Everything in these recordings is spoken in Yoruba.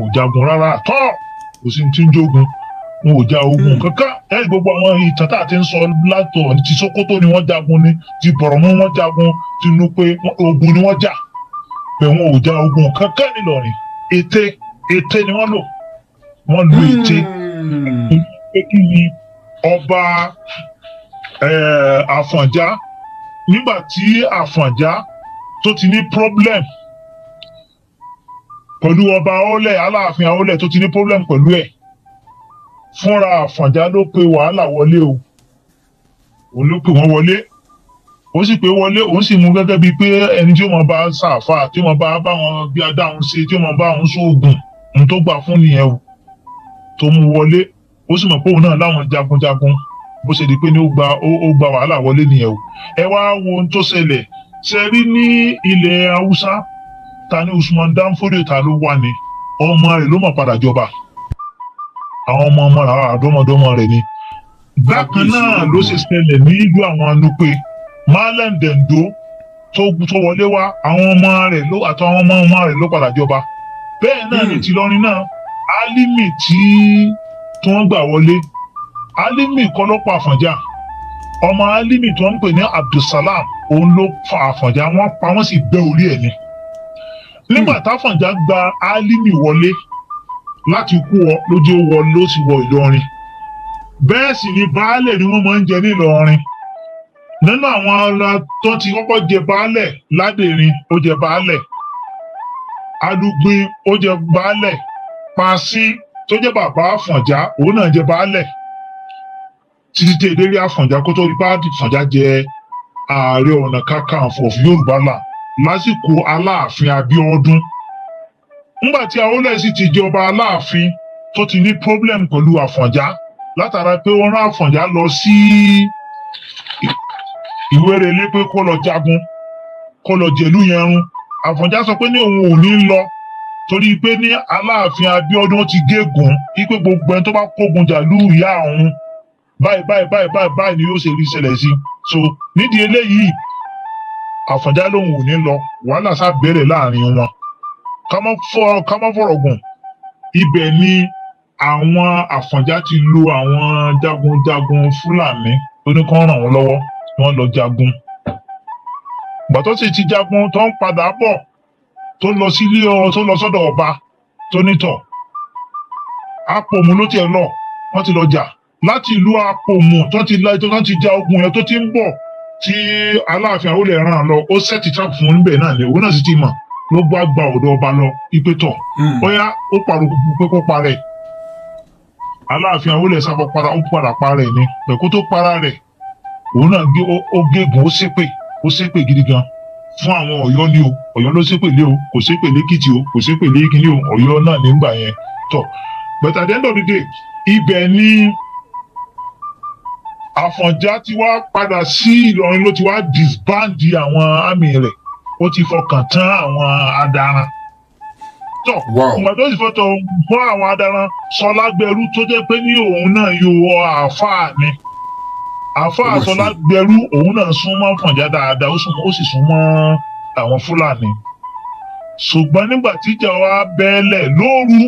wọn ò jagun rárá tọ́ kò sí ti ń jogun wọn ò ja ogun hmm. kankan ẹ gbogbo àwọn ìtàn tá a ti ń sọ látọ̀ ti Sókótó ni wọ́n jagun ni ti Bọ̀rọ̀mọ́ wọ́n jagun ti Núpé ogun ni wọ́n jà pé wọn ò ja ogun kankan nìlọrin ète ète ni wọ́n lò wọ́n lu ète hmm. kí ni ọba Àfọ̀njá nígbà tí Àfọ̀njá tó ti ní problem pẹ̀lú ọba Aólẹ̀ Aláàfin Aólẹ̀ tó ti ní problem pẹ̀lú ẹ̀ fúnra Àfọ̀njá ló pe wàhálà wọlé o òun ló pe wọ́n wọlé ó sì pé wọlé òun sì mú gẹ́gẹ́ bíi pé ẹni tí ó mọ bá ṣàfà tí ó bá bá wọn bí adáhùn ṣe tí ó bá òun sóògùn òun tó gbà fún nìyẹn o tó mú wọlé ó sì mọ̀ pé òun náà láwọn jagunjagun bó ṣe di pé ní ó gba ó gba wàhálà wọlé nìyẹn o ẹ wá wo ohun tó ṣẹlẹ̀ ṣe rí ní ilẹ̀ haúsá ta ni Usman Danfodiyo ta ló wà ní ọmọ rẹ̀ ló mọ̀ padà jọba àwọn ọmọ ọmọ rẹ̀ àdọ́mọdọ́mọ rẹ̀ ni bákan náà ló ṣe ṣẹlẹ̀ ní ìlú àwọn anupe Malam Dendo tó tó wọlé wá àwọn ọmọ rẹ̀ ló àtàwọn ọmọ ọmọ rẹ̀ ló padà jọba bẹ́ẹ̀ náà ni hmm. tìlọrin náà Alimi tí tí wọ́n gbà wọlé Alimi kọ́ ló pa Àfọ̀njá ọmọ Alimi tí wọ́n ń pè ní Abdulsalam òun ló fa Àfọ̀njá wọ́n pa wọ́n sì bẹ́ orí ẹ̀ ni nígbà hmm. táfànjá gba álímì wọlé láti kú ọ lójú wọ ló sì wọ ìlọrin bẹ́ẹ̀ sì ni baálẹ̀ ni wọ́n máa ń jẹ nílọrin nínú àwọn ará tó ti kọ́kọ́ jẹ baálẹ̀ ládèrin ó jẹ baálẹ̀ adugbin ó jẹ baálẹ̀ paṣí tó jẹ bàbá àfọ̀njá òun náà jẹ baálẹ̀ títí tẹ ìdérí àfọ̀njá kó tó rí bá àfọ̀njá jẹ ààrẹ ọ̀nà kakanfò yorùbá náà lásìkò aláàfin Abíọ́dún ńgbà tí Awólẹ̀ sì ti jọba aláàfin tó ti ní problem pẹ̀lú Àfọ̀njá látara pé wọ́n rán Àfọ̀njá lọ sí Ìwérelé pé kó lọ jagun kó lọ jẹ̀lú yẹn run Àfọ̀njá sọ pé ní òun ò ní lọ torí pé ní aláàfin Abíọ́dún ti gégùn wípé gbogbo ẹni tó bá kógun jà lù ìyá òun báyìí báyìí báyìí báyìí ni yóò ṣe rí ṣẹlẹ̀ sí so nídìí eléyìí àfọ̀njá lòun ò ní lọ wàhálà sá bẹ̀rẹ̀ láàrin wọn ká má fọ̀rọ̀ gùn ibẹ̀ ni àwọn àfọ̀njá ti lu àwọn jagunjagun fúlàní oníkan ràn wọ́n lọ́wọ́ wọ́n lọ jagun gbàtọ́ sì ti jagun tó ń padà bọ̀ tó lọ sílé ọ tó lọ sọ́dọ̀ ọba tó nítọ̀ apòmù ló tiẹ̀ lọ wọ́n ti lọ jà láti ìlú apòmù tó ti la ètò tó ti ja ogun yẹn tó ti ń bọ̀ tí aláàfin àwòlẹ̀ ràn lọ ó sẹ́ẹ̀tì trap fún oníbẹ̀ náà lé òun náà sì ti mọ̀ ló bá gba ọ̀dọ̀ ọba lọ ipe tọ̀ hmm. bóyá ó pàrọ̀ kúkú pé kó parẹ́ aláàfin àwòlẹ̀ sábà para ó padà parẹ́ ni pẹ̀kú tó para rẹ̀ òun náà gé ó gégùn ó ṣépè ó ṣépè gidi gan fún àwọn Ọ̀yọ́ ni o Ọ̀yọ́ ló ṣépè lé o kò ṣépè lẹ́kìtì o kò ṣépè lẹ́kìtì o Ọ̀yọ́ náà nígbà yẹn tọ̀ but at ibẹ̀ ni. Àfọ̀njá ti wá padà sí Ìlọrin ló ti wá disbandi àwọn àmì rẹ̀ ó ti fọkàn tán àwọn adaran tọ ìgbà tó sì fọtọ fún àwọn adaran Sọlágbẹrú tó jẹ́ pé ní òun náà yóò àáfàá ni àáfàá oh, Sọlágbẹrú òun náà súnmọ́ Àfọ̀njá dáadáa ó sì súnmọ́ àwọn Fúlàní ṣùgbọ́n nígbà tí ìjà wa bẹ́ẹ̀lẹ̀ lóru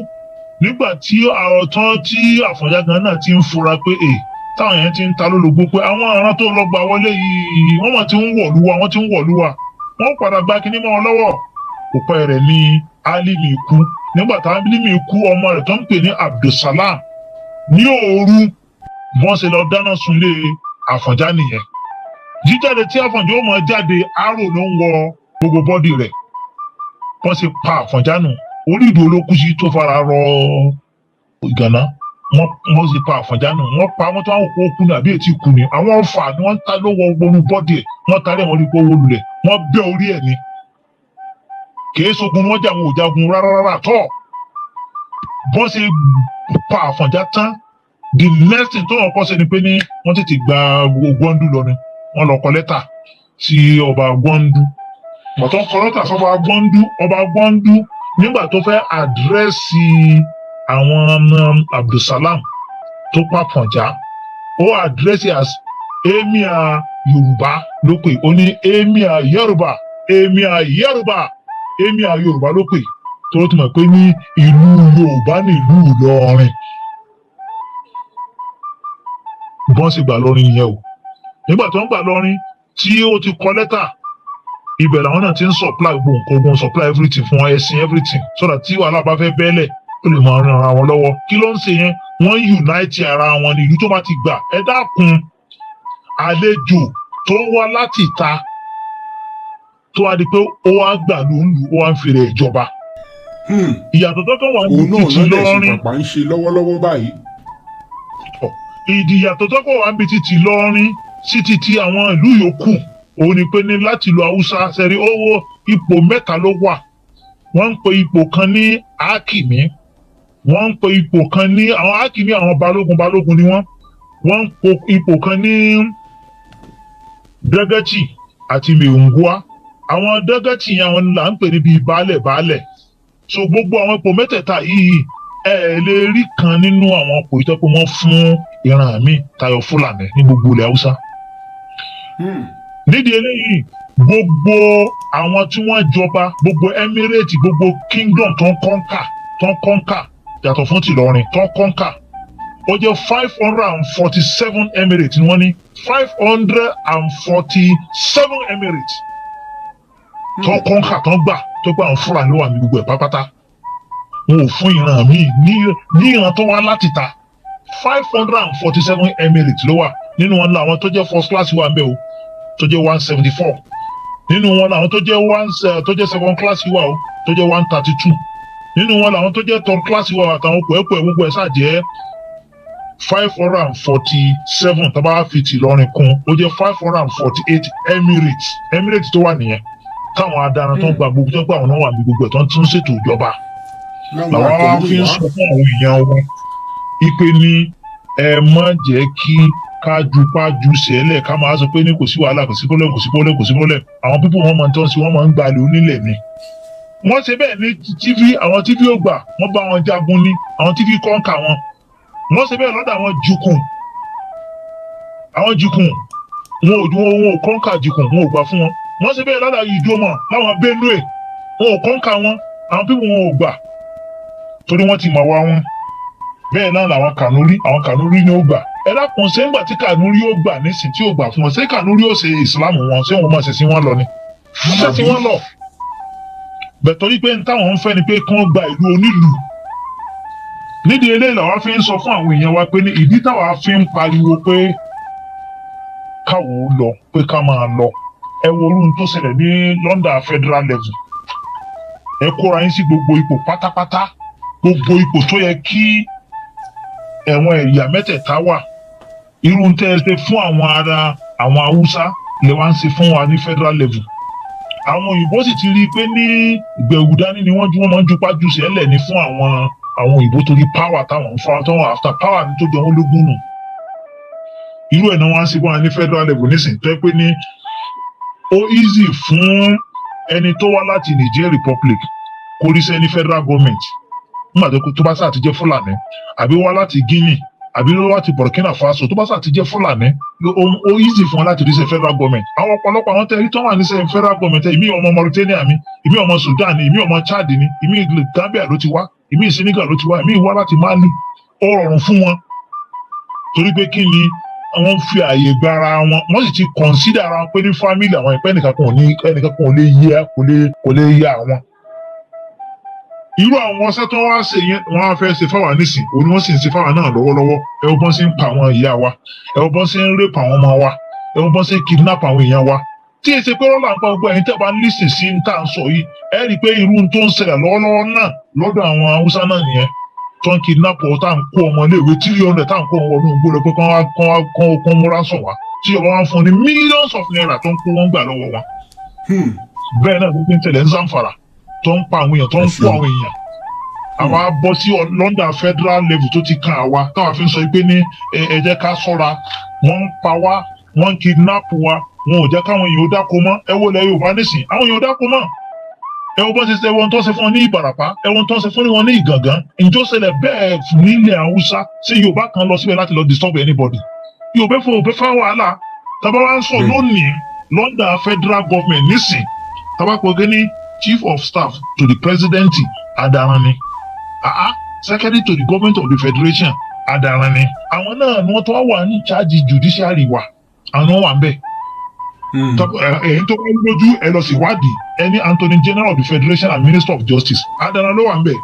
nígbà tí àròtán tí Àfọ̀njá gan náà ti ń fura pé èè. Eh, táwọn yẹn ti ń ta lólobó pé àwọn ọ̀ràn tó lọ gbà wọlé yìí wọ́n mọ̀ ti ń wọ̀lú wa wọ́n ti ń wọ̀lú wa wọ́n padà gba kinní mọ́ wọn lọ́wọ́ kò pẹ́ rẹ̀ ní alimi ikú nígbà tá alimi ikú ọmọ rẹ̀ tó ń pè ní Abdulsalam ní òru wọ́n ṣe lọ dáná sunlé Àfọ̀njá nìyẹn jíjáde tí Àfọ̀njá ó máa jáde arò ló ń wọ gbogbo bọ́dì rẹ̀ wọ́n ṣe pa Àfọ̀njá nù orí ìdúró ló kú sí tó fara rọ ìgànná wọ́n sì pa àfọ̀njá náà wọ́n pa wọ́n tó àwọn kó kú ní àbí ètí kú ni àwọn ọ̀fà ni wọ́n ń ta lọ́wọ́ gbogbo bọ́dì ẹ̀ wọ́n tarí àwọn orí gbogbo lulẹ̀ wọ́n bẹ́ orí ẹ̀ ni kìí sogun wọ́n jà wọn ò jagun rárá tọ́ bọ́n ṣe pa àfọ̀njá tán the next thing tó wọn kọ́ sí ni pé ní wọ́n tètè gba gbọ́ndú lọ ni wọ́n lọ kọ lẹ́tà sí ọba gbọ́ndú bàtọ́ kọ lẹ́tà sọ́ba gbọ́ndú ọba gbọ́ndú nígbà tó fẹ́ àdírẹ́sì àwọn ọmọ abdulsalam tó pàfọ̀njá ó àdírẹ́sì e as emir yorùbá ló pè ó ní emir yorùbá emir yorùbá emir yorùbá ló pè tó ló ti mọ̀ pé ní ìlú yorùbá ní ìlú ìlọrin bọ́n sì gbà lọ́rin yẹn o nígbà tó ń gbà lọ́rin tí ó ti kọ lẹ́tà ibẹ̀ làwọn náà ti ń supply gbogbo supply everything fún ẹ̀sìn everything so tí wàhálà bá fẹ́ bẹ́lẹ̀ kó lè máa ran ara wọn lọ́wọ́ kí ló ń ṣe yẹn wọ́n unite ara wọn ní ìlú tó bá ti gbà ẹ dákun àlejò tó ń wá láti ìta tó wá di pé ó wá gbà ló ń lu ó wá ń fèrè ìjọba. Hmm. ìyàtọ̀ tó wà ní títí lọ́rin òun náà lọ́dẹ̀ sì pàpà ń ìdìyàtọ̀ tó kàn wà ní títí lọ́rin sí títí àwọn ìlú yòókù òun ni pé ní láti lu haúsá sẹ́rí owó ipò mẹ́ta ló wà wọ́n ń pe ipò kan ní akimi wọ́n ń pe ipò kan ní àwọn áàkì ní àwọn balógun balógun ni wọ́n wọ́n ń po ipò kan ní dẹ́gẹ́tì àti mèhùngúá àwọn dẹ́gẹ́tì yẹn àwọn là ń pè ní bíi baálẹ̀ baálẹ̀ so gbogbo àwọn ipò mẹ́tẹ̀ẹ̀ta yìí ẹ lè rí kan nínú àwọn ipò ìtọ́ pé wọ́n fún ìran mi tayọ fúlàní ní gbogbo ilẹ̀ haúsá. Hmm. nídìí eléyìí gbogbo àwọn tí wọ́n jọba gbogbo emirate gbogbo kingdom tó ń kọ́ńkà tó ń kọ́ńkà yàtọ̀ fún tìlọrin tán kọ́ńkà ó jẹ́ five hundred and forty seven emirates ni wọ́n ní five hundred and forty seven emirates tán hmm. kọ́ńkà tán gbà tó gbà ń fúlàní wà ní gbogbo ẹ̀ pátápátá wọn ò fún ìran míì ní ìran tó wá láti ta five hundred and forty seven emirates ló wà nínú wọn làwọn tó jẹ́ first class wà ń bẹ̀ o tó jẹ́ one seventy four nínú wọn làwọn tó jẹ́ one eh, tó jẹ́ second class wà o tó jẹ́ one thirty two nínú wọn làwọn tó jẹ́ tán kíláàsì wa àtàwọn pẹ̀ẹ́pẹ̀ẹ́ gbogbo ẹ̀ ṣàjẹ́ five hundred and forty-seven tá a bá fi ti lọ́rin kún ó jẹ́ five hundred and forty-eight Emirates Emirates tó wà nìyẹn táwọn adarun tó ń gba gbogbo tó ń gba àwọn náà wà ní gbogbo ẹ̀ tó ń tún ṣètò ìjọba làwọn fi ń sọ fún àwọn èèyàn wọn ipe ni ẹ má jẹ́ kí kájupájú sẹ́lẹ̀ ká máa sọ pé ní kò sí wàhálà kò sí pọ́lẹ̀ kò sí pọ́lẹ̀ kò sí pọ́lẹ̀ àwọn pípọ̀ wọn máa ń tán sí wọn máa ń gbalẹ̀ onílẹ̀ ni wọ́n ṣe bẹ́ẹ̀ ní TV àwọn TV ò gbà wọ́n bá wọn jagun ní àwọn TV kọ́ńkà wọn wọ́n ṣe bẹ́ẹ̀ lọ́dọ̀ àwọn jukun àwọn jukun wọn ò wọn ò kọ́ńkà jukun wọn ò gbà fún wọn wọ́n ṣe bẹ́ẹ̀ lọ́dọ̀ ìjọmọ̀ láwọn Benue wọn ò kọ́ńkà wọn àwọn pípù wọn ò gbà torí wọ́n ti mọ̀ wá wọn bẹ́ẹ̀ náà làwọn Kanuri àwọn Kanuri ni ó gbà ẹ dákun ṣé ńgbà tí Kanuri ó gbà nísìn tí ó gbà fún wọn ṣé Kanuri ó ṣe ìsìlámù wọn ṣé wọn máa ṣe sí wọn lọ ni ṣé tí wọn lọ bẹ̀ẹ̀ torí pé táwọn ń fẹ́ ni pé kán gba ìlú onílù nídìí eléyìí làwa fi ń sọ fún àwọn èèyàn wa pé ní ìdí táwa fi ń pariwo pé káwọn ó lọ pé ká máa lọ ẹ wo orun tó ṣẹlẹ̀ ní London federal level ẹ kóra yín sí gbogbo ipò pátápátá gbogbo ipò tó yẹ kí ẹ̀wọ̀n ẹ̀yà mẹ́tẹ̀ẹ̀ta wà irun tẹ́ ẹ ṣe fún àwọn ará àwọn haúsá lè wá ń ṣe fún wa ní federal level àwọn òyìnbó sì ti rí i pé ní ìgbẹ̀wù dání ni wọ́n ju wọ́n máa ń jupá jù sẹ́lẹ̀ ní fún àwọn àwọn òyìnbó torí power táwọn ń fọwọ́ tọ́wọ́n after power ní tó jọ wọ́n lógún nù irú ẹ̀ náà wọ́n á sí fún ní federal level nísìnyí tó yẹ pé ní ó easy fún ẹni tó wá láti Niger Republic kó rí sẹ́ni federal government nígbà tó bá sáà ti jẹ́ Fúlàní àbí wá láti Guinea àbí láti Burkina Faso tó bá sà ti jẹ́ Fúlàní ó easy fún wọn láti rí ṣe federal government àwọn ọ̀pọ̀lọpọ̀ àwọn tẹ̀rí tó wà ní ṣe federal government ìmí ọmọ Mauritania mi ìmí ọmọ Sudan ìmí ọmọ Chad ni ìmí Gambia ló ti wá ìmí Senegal ló ti wá ìmí wá láti Mali ó rọrùn fún wọn torí pé kí ni wọ́n fi àyè gba ara wọn wọ́n sì ti consider ara wọn pé ní family àwọn ìpẹ́ nìkan kò ní ẹnìkan kò lè yẹ kò lè kò lè yẹ àwọn irú àwọn ọsẹ tó wá ṣe yẹn wọn á fẹ́ ṣe fáwa nísìn òun ni wọ́n sì ń ṣe fáwa náà lọ́wọ́lọ́wọ́ ẹ wọ́n sì ń pa àwọn ìyá wa ẹ wọ́n sì ń rape àwọn ọmọ wa ẹ wọ́n sì ń kidnap àwọn èèyàn wa tí èsì pé rọ́lá ń pa gbogbo ẹ̀yin tẹ́ bá ń lísìn sí ń tà ń sọ yìí ẹ rí i pé irú tó ń ṣẹlẹ̀ lọ́wọ́lọ́wọ́ náà lọ́dọ̀ àwọn haúsá náà nìyẹn tó ń kidnap ọ à ń kó ọmọ iléèwé tírí ọ̀nà tá à ń millions of naira tó ń kó wọn gbà lọ́wọ́ wọn. Hmm tó ń pa àwọn èèyàn tó ń fún àwọn èèyàn àwa hmm. bọ́ sí London federal level tó ti kan àwa táwa fi ń sọ pé ní ẹ ká sọ́ra wọ́n ń pa wá wọ́n ń kidnap wa wọn ò jẹ́ káwọn èèyàn ó dáko mọ́ ẹ wo lẹ Yorùbá nísìn àwọn èèyàn ó dáko mọ́ ẹ wo bọ́ ṣe ṣe wọn tó ṣe fún wọn ní Ìbàràpá ẹ wọn tó ṣe fún wọn ní Ìgàngán ǹjọ́ ṣẹlẹ̀ bẹ́ẹ̀ nílẹ̀ Haúsá ṣé Yorùbá kan lọ síbẹ̀ láti lọ disturb anybody Yorùbá fún òbí fún wàhálà tàbá wa ń sọ hmm. lónìí London federal government nísìn tàbá pọ̀ gẹ́ni chief of staff to the presidency adarani àá ah, ah, secretary to the government of the federation adarani àwọn náà ni wọ́n tó wà ní charge judiciary wa àwọn wà ń bẹ̀ hmm. eh, èyí tó wọ́n lójú ẹ lọ sí wádìí ẹni attorney general of the federation and minister of justice adana ló wà ń bẹ̀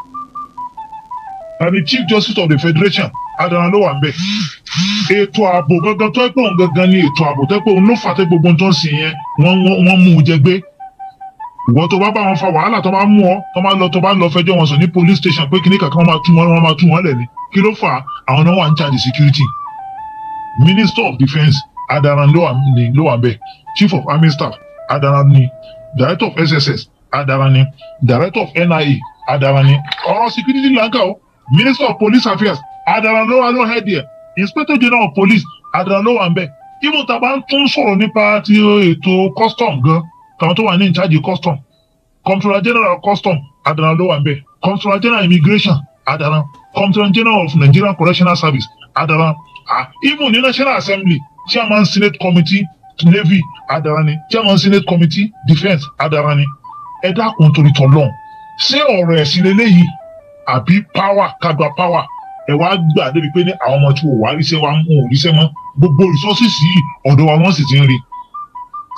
ẹni chief justice of the federation adana ló wà ń bẹ̀ ètò ààbò gangan tó ẹgbẹ́ òun gangan ni ètò ààbò tó ẹgbẹ́ òun ló fà tẹ́ gbogbo tó ń sìn yẹn wọ́n mú un jẹ gbé ìwọ tó bá bá wọn fa wàhálà tó bá mú ọ tó bá lọ tó bá lọ fẹjọ́ wọn sùn ní police station pé kíní kankan wọn máa tún wọn wọn máa tún wọn lẹ ni kí ló fà àwọn náà wà ń charge security minister of defence adaran ló wà chief of army staff adaran ni director of sss adaran ni director of nia e, adaran ni ọ̀rọ̀ security lanka o minister of police affairs adaran ló wà head there inspector general of police adaran ló wà ń bẹ́ẹ̀ even tá a bá tún sọ̀rọ̀ nípa ti eh, ètò custom gan tàwọn tó wà ní ìcháàjì custom comptroller general custom Adarán ló wà ń bẹ̀ comptroller general immigration Adarán comptroller general of Nigerian correctional service Adarán ah even ní national assembly chairman senate committee navy Adarán ni chairman senate committee defence Adarán ni ẹ dákun torí tọ lọ́hùn ṣé ọ̀rọ̀ ẹ̀sìn lélẹ́yìí àbí power kagba power ẹ wá gbà débi pé ní àwọn ọmọ tí wò wá ríṣẹ́ wá ń wò ríṣẹ́ mọ́ gbogbo resources yìí ọ̀dọ̀ wa wọ́n sì ti ń rí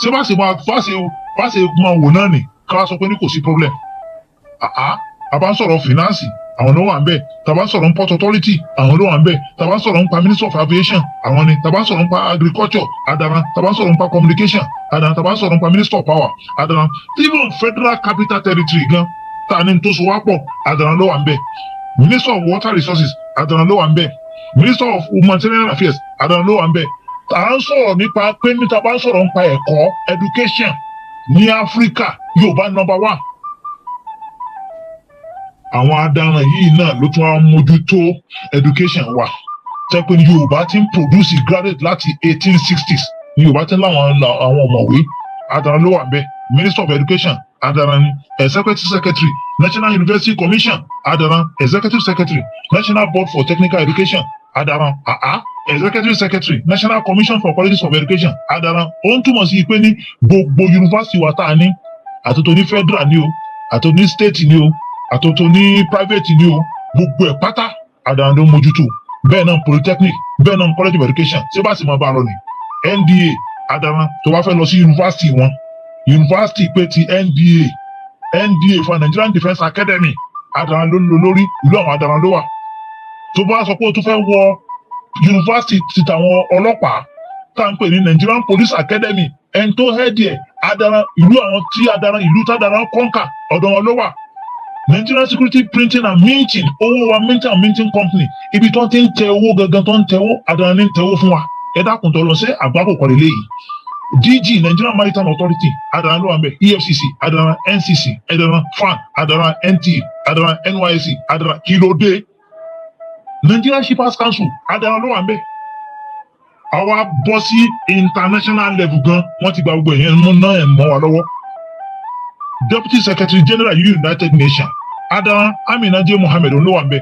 ṣé bá ṣe o wọ́n á ṣe máa wò náà nì ká sọ pé ní kò sí problem àá àbá ń sọ̀rọ̀ finance àwọn ló wà ń bẹ̀ tàbá ń sọ̀rọ̀ ń port authority àwọn ló wà ń bẹ̀ tàbá ń sọ̀rọ̀ ń pa minister of aviation àwọn ni tàbá ń sọ̀rọ̀ ń pa agriculture adara tàbá ń sọ̀rọ̀ ń pa communication adara tàbá ń sọ̀rọ̀ ń pa minister of power adara even federal capital territory gan ta ni tó so wá pọ̀ adara ló wà ń bẹ̀ minister of water resources adara ló wà ń bẹ̀ minister of humanitarian affairs adara ló wà ń bẹ̀ à ń sọ̀rọ̀ nípa pé níta bá ń sọ̀rọ̀ ń pa ẹ̀kọ́ education ní áfíríkà yorùbá nọ́mbà wà àwọn adaràn yìí náà ló tún wá mójútó education wa tẹ́ pé ní yorùbá ti ń produce graduate láti eighteen sixties ní yorùbá ti ń láwọn àwọn ọ̀mọ̀wé adaràn ló wà ń bẹ minister of education adaràn ni executive secretary national university commission adaràn executive secretary national board for technical education adaran àá ah, ah, executive secretary national commission for quality of education adaran ó ń túmọ̀ sí pé ní gbogbo yunifásitì wa tá a ní àtúntò ní federal ni o àtúntò ní state ni o àtúntò ní private ni o gbogbo ẹ̀ pátá adaran ló ń mójútó bẹ́ẹ̀ náà polytechnic bẹ́ẹ̀ náà college of education ṣé bá sì máa bá a lọ ni nda adaran tó bá fẹ́ lọ sí yunifásitì wọn yunifásitì pé ti nda nda for nigerian defence academy adaran ló ń lo lórí ìlú àwọn adaran ló wà tó bá sọ pé o tún fẹ́ wọ yunifásitì tàwọn ọlọ́pàá tá à ń pè ní Nigerian Police Academy ẹni tó hẹ́ẹ̀dì ẹ̀ adaran ìlú àwọn tí adaran ìlú tadaran kọ́ńkà ọ̀dọ̀ wọn ló wà Nigerian Security Printing and Minting owó wa minting and minting company ibi tó ti ń tẹ owó gangan tó ń tẹ owó adaran ní ń tẹ owó fún wa ẹ dákun tó lọ sí àgbákò kọ̀ọ̀lẹ́ lẹ́yìn DG Nigerian Maritime Authority Adara, ló wà mẹ EFCC Adara, NCC Adara, FAN Adara, NT Adara, NYSC Adara, kí ló dé Nigerian Shippers Council adarí ló wà ń bẹ àwa bọ́ sí international level gan wọ́n ti gba gbogbo ìyẹn mú náà ẹ̀ mọ́ wa lọ́wọ́ Deputy Secretary General United Nations adarí Amina Mohammed ló wà ń bẹ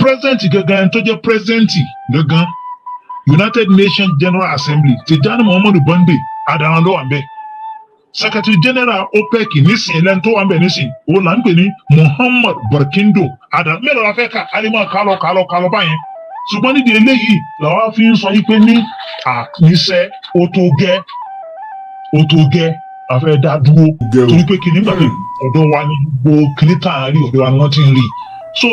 president gangan tó jẹ́ president gangan United Nations General Assembly Tijjani Muhammadu Bande adarí ló wà ń bẹ secretary general opec nísìn lẹ́nu tó wà ń o là ń pè ní muhammad barkindo adam mélòó la fẹ́ ka alimọ̀ kálọ̀ kálọ̀ kálọ̀ báyẹn ṣùgbọ́n nídìí eléyìí làwọn fi ń sọ yìí pé ní àníṣe ó tó gẹ́ ó tó gẹ́ a fẹ́ dá dúró torí pé kìnnìún gbàgbé ọ̀dọ̀ wa ni gbogbo kìnnìún tàn án rí ọ̀dọ̀ wa ni wọ́n ti ń rí so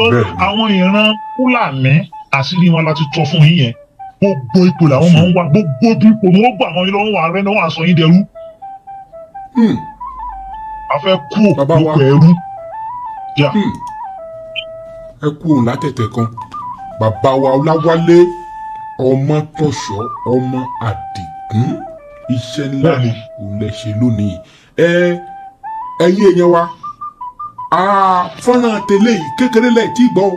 àwọn ìran fúlàní àṣírí wọn láti tọ́ fún yín yẹn gbogbo ipò làwọn máa ń wá gbogbo ipò ni wọ́n gbà wọn yín lọ́wọ́ ààrẹ náà wọ́n àṣọ yín dẹrú Hmm. a fẹ́ kú lóko ẹrú. Hmm. ẹ kú òun látẹ̀tẹ̀ kan bàbá wa ọláwálé ọmọ tọ̀ṣọ́ ọmọ àdìgún iṣẹ́ ńlá ni òun lè ṣe lónìí ẹ ẹyí èèyàn wa fọ́nrán tẹ̀lé yìí kékeré lẹ̀ tí gbọ́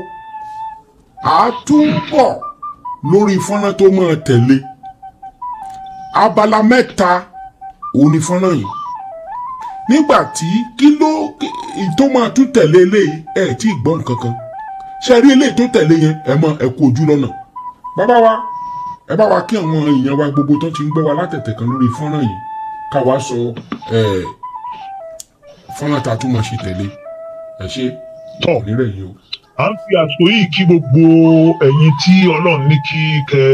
a tún bọ̀ lórí fọ́nrán tó máa tẹ̀lé abala mẹ́ta òun ni fọ́nrán yìí nígbà tí kí ló tó máa tún tẹ̀lé eléyìí ẹ̀ tí ì gbọ́ nǹkan kan ṣe rí eléyìí tó tẹ̀lé yẹn ẹ̀ mọ ẹ̀ ojú lọ́nà bàbá wa ẹ bá wa kí àwọn èèyàn wa gbogbo tó ti ń gbọ́ wa látẹ̀tẹ̀ kan lórí fọ́nrán yìí ká wa sọ fọ́nrán ta tún máa ṣe tẹ̀lé ẹ ṣe tọ̀ nírẹ̀ yìí o. à ń fi àsìkò yìí kí gbogbo ẹ̀yin tí ọlọ́run ní kí kẹ́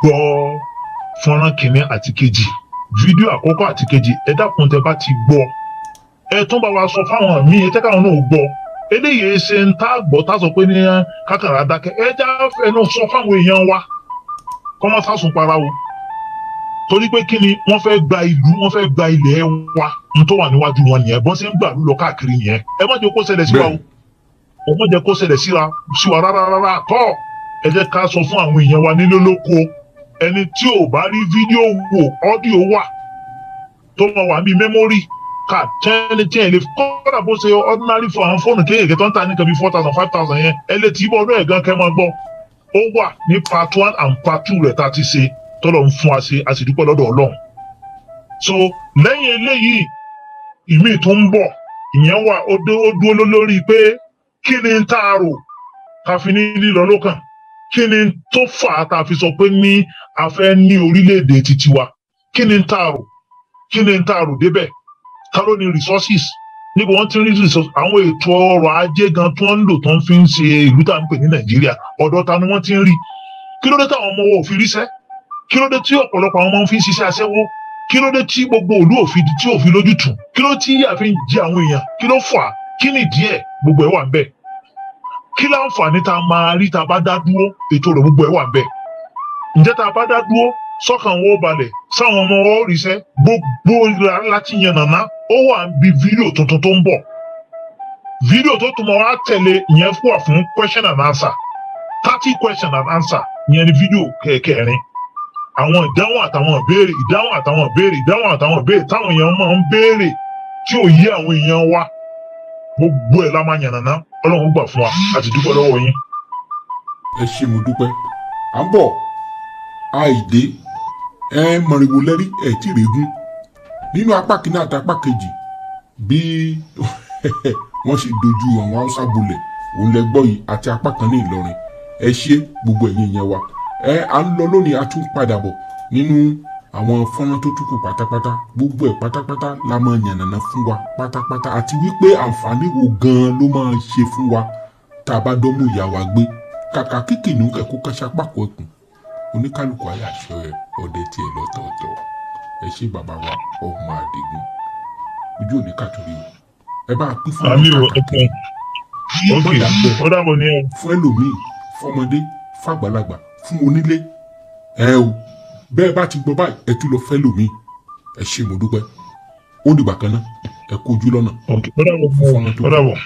gbọ́ fọ́nrán kìnínní àti kejì fídíò àkọ́kọ́ àti kejì ẹ dákun tẹ bá ti gbọ́ ẹ tún bá wa sọ fáwọn míì ẹ tẹ́ka àwọn náà gbọ́ eléyìí e ṣe ń tá gbọ́ tá sọ pé ní kákàrà dákẹ́ ẹ já ẹnu sọ fáwọn èèyàn wa kọ́mọ́ sásùn para o torí pé kí ni wọ́n fẹ́ gba ìlú wọ́n fẹ́ gba ilẹ̀ wa n tó wà níwájú wọn nìyẹn bọ́n ṣe ń gbàlú lọ káàkiri nìyẹn ẹ má jẹ́ kó ṣẹlẹ̀ sí wa o ò má jẹ́ kó ṣẹlẹ̀ sí wa rárá rárá àtọ́ ẹ jẹ́ ká sọ fún àwọn èèyàn wa nílé lóko ẹni tí ò bá rí fídíò wò ọ́díò wà tó máa wà bíi mẹ́mórì ká tẹ́lẹ̀ tí ẹ̀ lè kọ́ra bó ṣe ordinary fún àwọn fóònù kéèké tó ń ta nìkan bíi four thousand five thousand yẹn ẹ lè tì í gan kẹ́ máa gbọ́ ó wà ní part one and part two rẹ̀ tá a ti ṣe tọ́lọ̀ ń fún wa ṣe a sì dúpẹ́ lọ́dọ̀ ọlọ́run so lẹ́yìn eléyìí ìmí tó ń bọ̀ ìyẹn wà ó dúró lórí pé kí ni ń tá a rò ká lílọ lókàn kí ni tó fà á tá fi sọ pé ní a fẹ́ ní orílẹ̀-èdè títí wa kí ni tá a rò kí ni tá a rò débẹ̀ ta ló ní resources níbo wọ́n ti ń rí resources àwọn ètò ọrọ̀ ajé gan tó ń lò tó ń fi ń ṣe ìlú tá à ń pè ní nàìjíríà ọ̀dọ̀ ta ni wọ́n ti ń rí kí ló dé táwọn ọmọ wọn ò fi ríṣẹ́ kí ló dé tí ọ̀pọ̀lọpọ̀ àwọn ọmọ fi ń ṣiṣẹ́ aṣẹ́wó kí ló dé tí gbogbo òlú òfin tí òfin lójú tù kí ló tí yíyà fi ń jẹ àwọn èèyàn kí ló fà kí ni ìdí gbogbo ẹ̀ wà ń kí láǹfààní tá máa rí tá bá dá dúró ètò rẹ̀ gbogbo ẹ̀ wà ń ǹjẹ́ tá a bá dá dúró sọ́kàn wọn ó balẹ̀ sáwọn ọmọ wọn ó ríṣẹ́ gbogbo ìlà láti yẹn nàná ó wà níbi fídíò tuntun tó ń bọ̀ fídíò tó tún mọ́ wá tẹ̀lé ìyẹn wà fún question and answer thirty question and answer ìyẹn ni fídíò kẹ̀kẹ́rin àwọn ìdáhùn àtàwọn ìbéèrè ìdáhùn àtàwọn ìbéèrè ìdáhùn àtàwọn ìbéèrè táwọn èèyàn máa ń béèrè tí ò yí àwọn èèyàn wa gbogbo ẹ̀ la máa yànnàná ọlọ́run gbà fún wa àti dúpẹ́ lọ́wọ́ yín. ẹ ṣé mo dúpẹ́ à ń bọ̀ àìdé ẹ mọ̀rìnwó lẹ́rí ẹ̀ tí rèégún nínú apá kìíní àti apá kejì bí wọ́n ṣe dojú àwọn haúsá bolẹ̀ òun lẹ gbọ́ yìí àti apá kan ní ìlọrin ẹ ṣe gbogbo ẹ̀yìn yẹn wa ẹ à ń lọ lónìí a tún padà bọ̀ nínú àwọn fọ́nrán tó tún kù pátápátá gbogbo ẹ̀ pátápátá la máa yànnàná fún wa pátápátá àti wípé àǹfààní wo gan-an ló máa ṣe fún wa tá a bá dọ́mú ìyá wa gbé kàkà kíkì nù kẹ́kọ̀ọ́ kẹ́sàpá kọ̀ọ̀kùn oníkálukú ayé àṣọ ẹ ọdẹ tiẹ̀ lọ́tọ̀ọ̀tọ̀ ẹ ṣé bàbá wa ọmọ àdìgún ojú òní kàtúrí o ẹ bá pín fún mi kàkàkì ọgbọ́n ìdàpọ̀ fún ẹlòmíì fọmọdé fàgbàlagbà fún onílé ẹ o bẹ́ẹ̀ bá ti gbọ́ báyìí ẹ tún lọ fẹ́ lòmíì ẹ ṣé mo dúpẹ́ ó dìgbà kan náà ẹ kójú lọ́nà fún fọmọdé.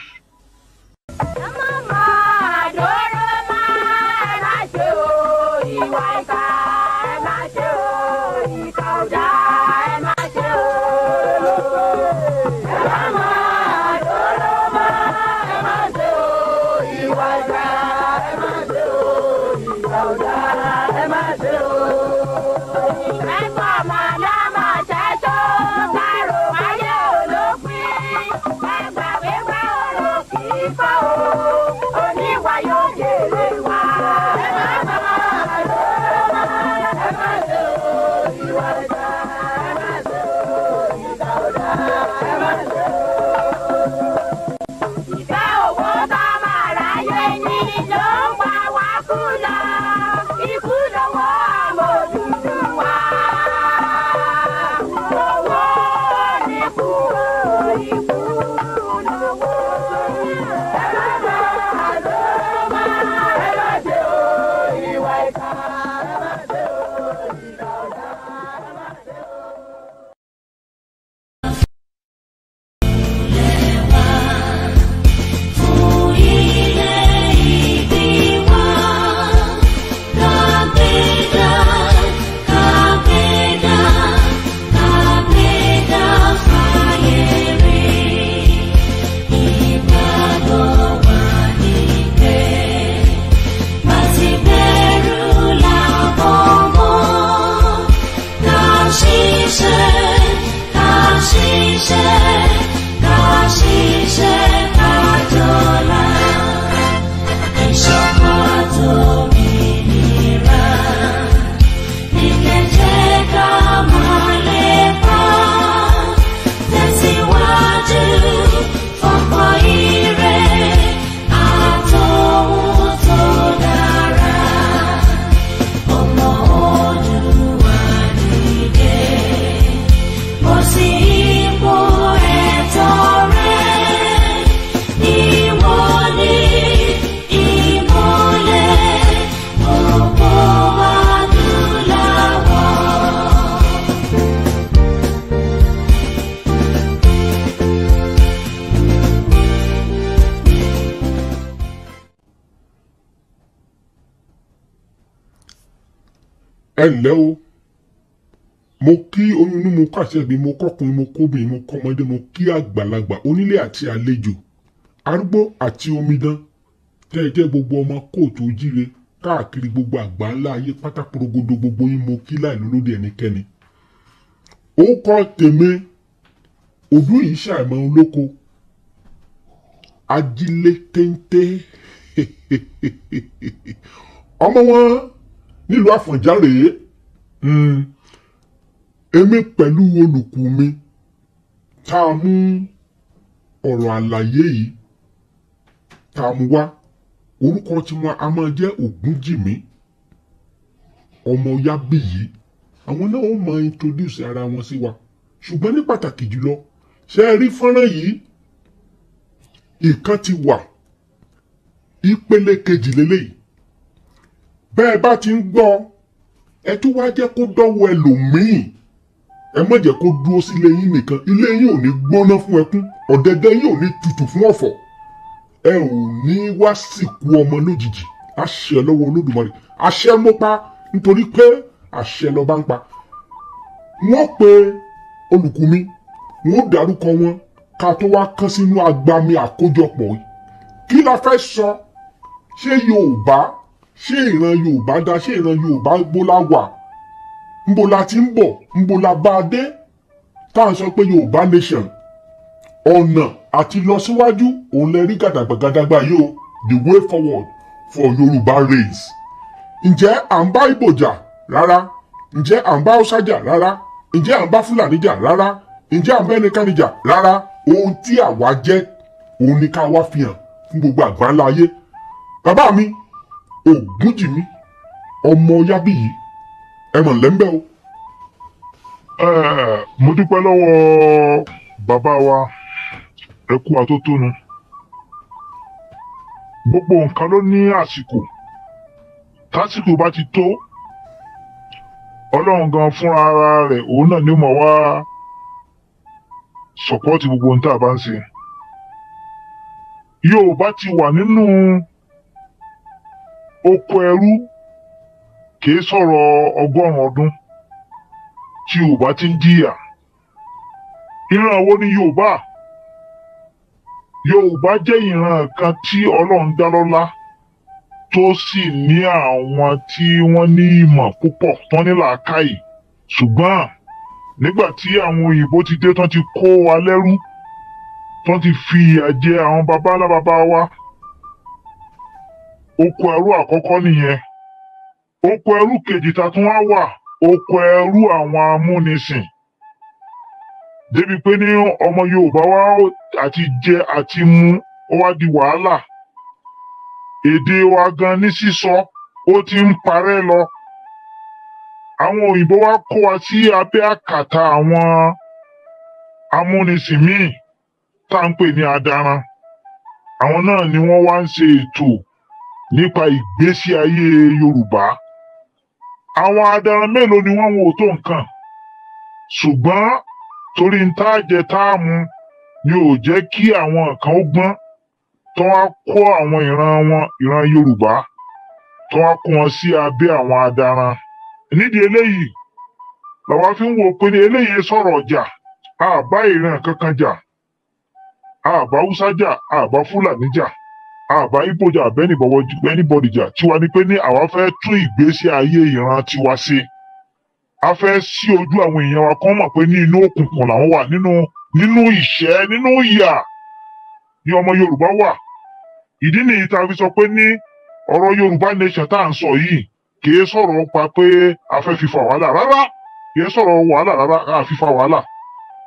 ẹ o mo kí oyún inú mo kọ àti ẹbí mo kọkùnrin mo kóbìnrin mo kọmọdé mo kí àgbàlagbà onílé àti àlejò arúgbó àti omidan tẹ́ ẹ jẹ́ gbogbo ọmọ kóòtù ojíire káàkiri gbogbo àgbà ńlá ayé pátá porogodo gbogbo yín mo kí láì lólódì ẹnikẹ́ni. ó kọ́ tèmi òdú yìí ṣàìmọ̀ olóko ajílé téńté ọmọ wọn nílùú àfọ̀njá rèé hmm. èmi pẹ̀lú olùkù mi tá a mú ọ̀rọ̀ àlàyé yìí tá a mú wá orúkọ tiwọn a máa jẹ́ ògúnjìmí ọmọ yábì yìí àwọn náà ó máa introduce ara wọn sí wa ṣùgbọ́n ní pàtàkì jùlọ ṣe é rí fọ́nrán yìí ìkan ti wà ìpele kejì bẹ́ẹ̀ bá ti ń gbọ́ ẹ tún wá jẹ́ kó dọ́wọ́ ẹlòmíì ẹ má jẹ́ kó dúró sílé yín nìkan ilé yín ò ní gbóná fún ẹkún ọ̀dẹ̀dẹ̀ yín ò ní tutù fún ọ̀fọ̀ ẹ ò ní wá sìnkú ọmọ lójijì àṣẹ lọ́wọ́ olódùmarè àṣẹ mo pa nítorí pé àṣẹ lọ́ba ń pa wọ́n pe olùkú mi wọ́n dárúkọ wọn ká tó wá kán sínú agbami àkójọpọ̀ yìí kí la fẹ́ sọ ṣé Yorùbá ṣé ìran yorùbá dá ṣé ìran yorùbá gbó la wà ńbo la ti ń bọ̀ ńbo la bá a dé tá à ń sọ pé yorùbá nation ọ̀nà àti lọ síwájú òun lè rí gàdàgbàgàdàgbà yóò the way forward for yorùbá race ǹjẹ́ à ń bá ìbò jà rárá ǹjẹ́ à ń bá haúsá jà rárá ǹjẹ́ à ń bá fúlàní jà rárá ǹjẹ́ à ń bá ẹnikẹ́ni jà rárá ohun tí àwa jẹ́ òun ni ká wá fi hàn fún gbogbo àgbáńlá ayé bàbá mi ògúnjìmí ọmọ yábíyì ẹ mọ̀ lẹ́ńbẹ́ o. mo dúpẹ́ lọ́wọ́ bàbá wa ẹ kú àtótónu gbogbo nǹkan ló ní àsìkò tásìkò bá ti tó ọlọ́run gan fúnra ara rẹ̀ òun náà ni mo wá sọ̀pọ́ọ̀tì gbogbo ohun tá a bá ń ṣe yorùbá ti wà nínú oko ẹrú kìí sọ̀rọ̀ ọgọ́rùn-ún ọdún tí Yorùbá ti ń jìyà ìran wo ni Yorùbá Yorùbá jẹ́ ìran kan tí Ọlọ́run dá lọ́lá tó sì ní àwọn tí wọ́n ní ìmọ̀ púpọ̀ tán ní làákàyè ṣùgbọ́n nígbà tí àwọn òyìnbó ti dé tán ti kó wa lẹ́rú tán ti fi ìyà jẹ àwọn babalábàbá wa. Baba oko ẹrú àkọ́kọ́ nìyẹn oko ẹrú kejì tá tún wá wà oko ẹrú àwọn amúnisìn débi pé ní ọmọ Yorùbá wa àti jẹ àti mu ó wá di wàhálà èdè wa gan ní sísọ ó ti ń parẹ́ lọ àwọn òyìnbó wa kó wa sí abẹ́ àkàtà àwọn amúnisìn míì tá à ń pè ní adaran àwọn náà ni wọ́n wá ń ṣe ètò nípa ìgbésí ayé Yorùbá àwọn adaran mélòó ni wọ́n wò tó nǹkan ṣùgbọ́n torí ń tá jẹ táàmù ni ò jẹ́ kí àwọn kan ó gbọ́n tó wá kó àwọn ìran wọn ìran Yorùbá tó wá kó wọn sí abẹ́ àwọn adaran nídìí eléyìí làwa fi ń wò pé ní eléyìí sọ̀rọ̀ ọjà àbá ìran kankan jà àbá Haúsá jà àbá Fúlàní jà àbáyíbòjà àbẹ́nìbọ̀wọ̀ jà tiwa ni pé ní àwa fẹ́ tún ìgbésí ayé ìran tiwa ṣe a fẹ́ sí ojú àwọn èèyàn wa kán mọ̀ pé ní inú òkùnkùn làwọn wà nínú nínú ìṣẹ́ nínú ìyà ni ọmọ Yorùbá wà ìdí nìyí tá a fi sọ pé ní ọ̀rọ̀ Yorùbá nation tá à ń sọ yìí kìí sọ̀rọ̀ pa pé a fẹ́ fi fa wàhálà rárá kìí sọ̀rọ̀ wàhálà rárá a fi fa wàhálà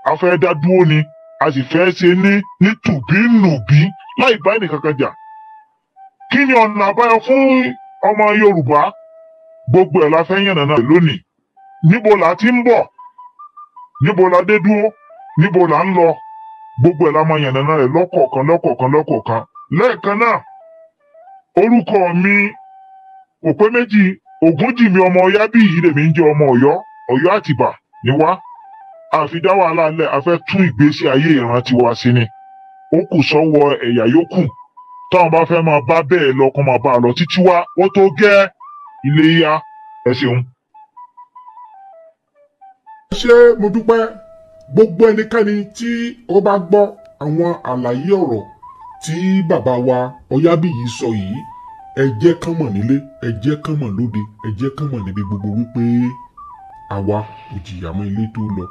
a fẹ́ dá dúró ni a sì fẹ́ ṣe ní ní tùbínùbí láì bá ẹnìkankan jà kí ni ọ̀nà àbáyọ fún ọmọ Yorùbá gbogbo ẹ̀ la fẹ́ yànnàná lónìí níbo la ti ń bọ̀ níbo la dé dúró níbo la ń lọ gbogbo ẹ̀ la máa yànnàná rẹ̀ lọ́kọ̀ọ̀kan lọ́kọ̀ọ̀kan lọ́kọ̀ọ̀kan lẹ́ẹ̀kan náà orúkọ mi òpé méjì Ògúnjìmí ọmọ Ọ̀yábíyì lèmi ń jẹ́ ọmọ Ọ̀yọ́ Ọ̀yọ́ Àtìbà ni wá àfidá wàhálà lẹ̀ a tún ìgbésí ayé ìran tiwa sí ni ó kù sọ́wọ́ ẹ̀yà yòókù táwọn bá fẹ́ máa bá bẹ́ẹ̀ lọ kó máa bá a lọ títí wá wọ́n tó gẹ́ iléyá ẹ ṣeun. ṣé mo dúpẹ́ gbogbo ẹnikẹ́ni tí ó bá gbọ́ àwọn àlàyé ọ̀rọ̀ tí bàbá wa Ọ̀yábíyì sọ yìí ẹ jẹ́ kán mọ̀ nílé ẹ jẹ́ kán mọ̀ lóde ẹ jẹ́ kán mọ̀ níbi gbogbo wípé àwa ò jìyà mọ́ ilé tó lọ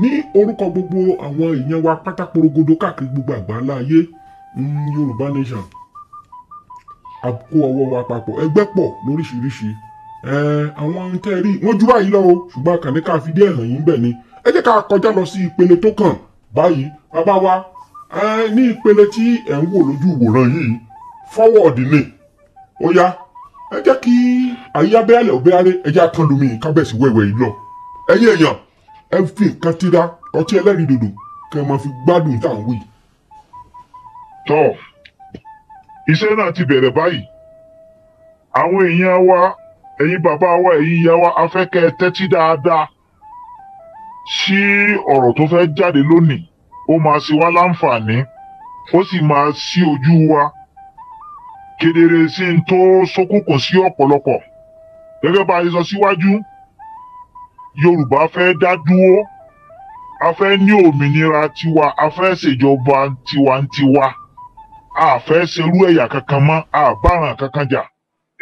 ní orúkọ gbogbo àwọn èèyàn wa pátákó rogodo káàkiri gbogbo àgbáńlá ayé Mm, Yorùbá nation àkó ọwọ́ wa papọ̀ ẹgbẹ́ pọ̀ lóríṣiríṣi àwọn tẹ́ rí wọ́n ju báyìí lọ o ṣùgbọ́n àkànní ká fi dé ẹ̀hàn yìí bẹ̀ ni ẹ jẹ́ ká kọjá lọ sí ìpele tó kàn báyìí bàbá wa ní ìpele tí ẹ̀ ń wò lójú ìwòran yìí fọ́wọ́ọ̀dì ni ó yá ẹ jẹ́ kí ayé abẹ́yàlẹ̀ òbẹ́yàrẹ́ ẹ jẹ́ àkànlù mi kábẹ̀sì wẹ̀wẹ̀ yìí lọ ẹ̀yin èèyàn ẹ fi nǹkan da ọtí ẹlẹ́rìí dòdò kẹ́ ẹ máa fi gbádùn táwọn wí tọ́ iṣẹ́ náà ti bẹ̀rẹ̀ báyìí àwọn èèyàn wa ẹ̀yin bàbá wa ẹ̀yin ìyá wa afẹ́kẹ́ tẹ́tí dáadáa sí ọ̀rọ̀ tó fẹ́ jáde lónìí ó máa ṣe wá láǹfààní ó sì máa ṣí ojú wa kedere sí n tó ṣókùnkùn sí ọ̀pọ̀lọpọ̀ gẹ́gẹ́ bá a ṣe sọ síwájú Yorùbá fẹ́ dá dúró a fẹ́ ní òmìnira tiwa a fẹ́ ṣèjọba tiwantiwa. Tiwa a fẹ́ ṣerú ẹ̀yà kankan mọ́ a báràn kankan jà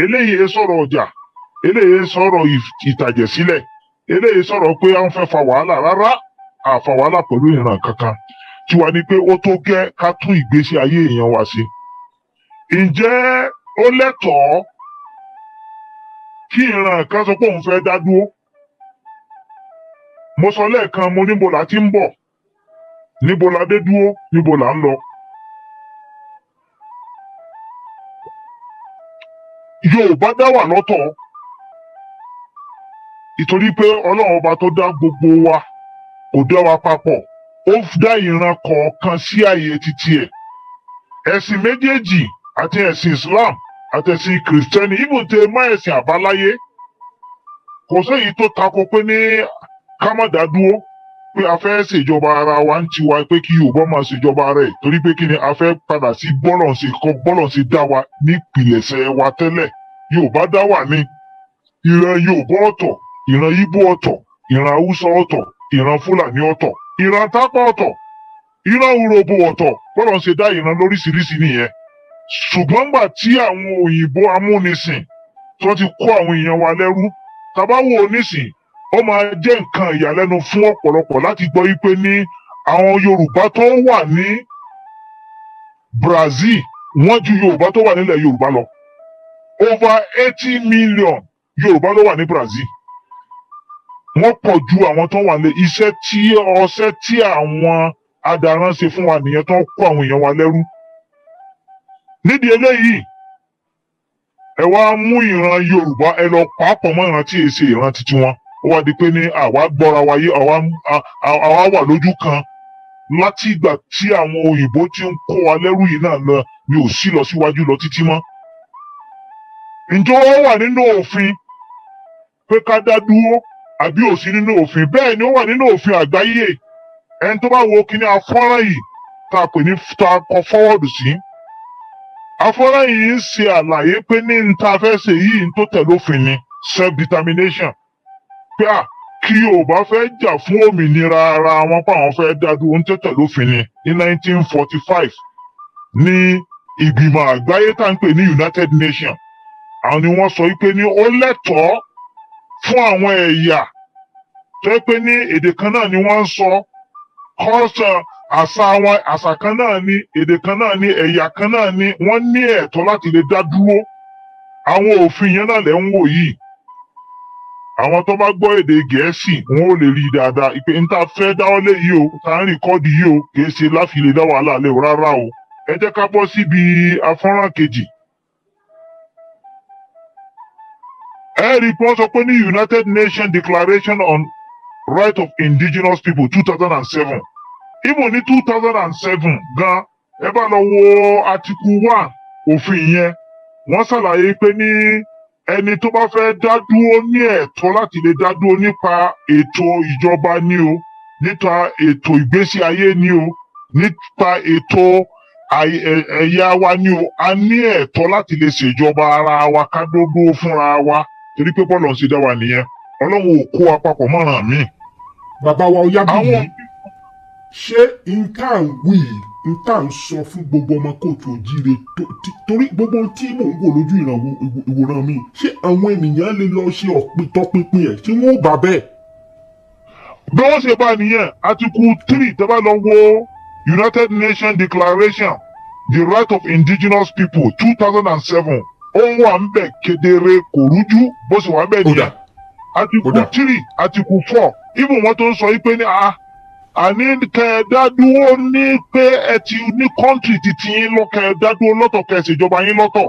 eléyìí sọ̀rọ̀ ọjà eléyìí sọ̀rọ̀ ìtàjẹ̀sílẹ̀ eléyìí sọ̀rọ̀ pé à ń fẹ́ fa wàhálà rárá a fa wàhálà pẹ̀lú ìran kankan tiwa ni pé ó tó gẹ́ ká tún ìgbésí ayé èèyàn wá sí. ǹjẹ́ ó lẹ́tọ̀ọ́ kí ìran kan sọ pé òun fẹ́ dá dúró mo sọ lẹ́ẹ̀kan mo níbo la ti ń bọ̀ níbo la dé dúró níbo la ń lọ Yorùbá dá wà lọ́tọ̀ ìtorí pé Ọlọ́run ọba tó dá gbogbo wa kò dá wa papọ̀ ó dá ìran kọ̀ọ̀kan sí ààyè títí ẹ̀ ẹ̀sìn méjèèjì àti ẹ̀sìn Islam àti ẹ̀sìn kìrìsìtẹ́nì ibùdó má ẹ̀sìn àbáláyé kò séyìí tó tako pé ní ká má dá dúró pé a fẹ́ ṣèjọba ara wa ń tiwa pé kí Yorùbá máa ṣèjọba ara ẹ̀ torí pé kí ni a fẹ́ padà sí bọ́lọ̀ ṣe kọ́ bọ́lọ̀ ṣe dá wa nípìnlẹ̀ṣẹ̀ wa tẹ́lẹ̀. yorùbá dá wà ní ìran yorùbá ọ̀tọ̀ ìran ìgbò ọ̀tọ̀ ìran haúsá ọ̀tọ̀ ìran fúlàní ọ̀tọ̀ ìran tápà ọ̀tọ̀ ìran urhobo ọ̀tọ̀ bọ́lọ̀ ń ṣe dá ìran lóríṣiríṣi nìyẹn ṣùgbọ́n gbà tí àwọn òyìnbó amúnisìn tó ti kó àwọn èèyàn wa lẹ́rú tabawo onísìn ó máa jẹ́ nǹkan ìyàlẹ́nu fún ọ̀pọ̀lọpọ̀ láti gbọ́ wípé ní àwọn yorùbá tó wà ní Brazil wọ́n ju yorùbá tó wà nílẹ̀ yorùbá lọ over eighty million yorùbá ló wà ní brazil wọ́n pọ̀ ju àwọn tó wà lé iṣẹ́ tí ọṣẹ́ tí àwọn adarán ṣe fún wa nìyẹn tó ń kó àwọn èèyàn wa lẹ́rú nídìí eléyìí ẹ wá mú ìran yorùbá ẹ lọ pàápọ̀ mọ́ ìran tí èsì ìran titi wọn ó wá di pé ní àwa wa wáyé àwa wà lójú kan láti ìgbà tí àwọn òyìnbó ti ń kó wa lẹ́rú yìí náà lọ mi ò sí lọ síwájú lọ títí mọ́ ǹjẹ́ ó wà nínú òfin pé ká dá dúró àbí ò sí nínú òfin bẹ́ẹ̀ ni ó wà nínú òfin àgbáyé ẹni tó bá wo kíní afọ́nrán yìí tá a pè ní tá a kọ fọ́wọ́dù sí afọ́nrán yìí ń ṣe àlàyé pé ní n ta fẹ́ ṣe yìí n tó tẹ̀lé òfin ni self determination pé à kí Yorùbá fẹ́ jà fún òmìnira ara wọn pé àwọn fẹ́ dá dúró ń tó tẹ̀lé òfin ni ní 1945 ní ìgbìmọ̀ àgbáyé tá à pè ní United Nations àwọn ni wọ́n sọ wípé ní ó lẹ́tọ̀ọ́ fún àwọn ẹ̀yà tó yẹ pé ní èdè kan náà ni wọ́n ń sọ kọ́sàn àṣà wọn àṣà kan náà ni èdè kan náà ni ẹ̀yà kan náà ni wọ́n ní ẹ̀tọ́ láti lè dá dúró àwọn òfin yẹn náà lẹ̀ ń wò yìí àwọn tó bá gbọ́ èdè gẹ̀ẹ́sì wọn ò lè rí i dáadáa ìpè ń ta fẹ́ dáwọ́lé yìí o ta ń rìkọ́dì yìí o kì í ṣe láfi lè dá wàhálà lé o rárá o ẹ jẹ́ ká bọ́ síbi afọ́nrán kejì. A report i pé United Nations Declaration on Right of Indigenous People 2007. Even in 2007, ga, ní two thousand and seven gan ẹ bá lọ wo article one òfin yẹn wọ́n ṣàlàyé pé ní ẹni tó bá fẹ́ dá dúró ní ẹ̀tọ́ láti lè dá dúró nípa ètò ìjọba ni o nípa ètò ìgbésí ayé ni o nípa ètò ẹ̀yà wa ni o a ní ẹ̀tọ́ láti lè ṣèjọba ara wa ká dógó fúnra wa torí pé bọ́ọ̀lù ọ̀hún ṣe dá wa nìyẹn ọlọ́run ò kó apapọ̀ mọ́ràn mi. bàbá wa ọyá bíbí ṣé nta ń wí nta ń sọ fún gbogbo ọmọ kóòtù òjíire torí gbogbo tí mò ń wò lójú ìwòran mi ṣé àwọn ènìyàn lè lọ ṣe ọ̀pìtọ́pinpin ẹ̀ tí wọ́n bá bẹ́ẹ̀. bí wọ́n ṣe bá nìyẹn Article three tẹ́bá lọ wo United Nations Declaration the right of indigenous people two thousand and seven ó wà ń bẹ̀ kedere kò rújú bó sì wà ń bẹ̀ nìyà àtìkù tírì àtìkù fọ̀ wọn tó ń sọ pé ní a àní kẹẹ̀dádúró ní pé ẹ ti ní kọ́ńtì titi yín lọ kẹẹ̀dádúró lọtọ. kẹsìjọba yín lọ́tọ̀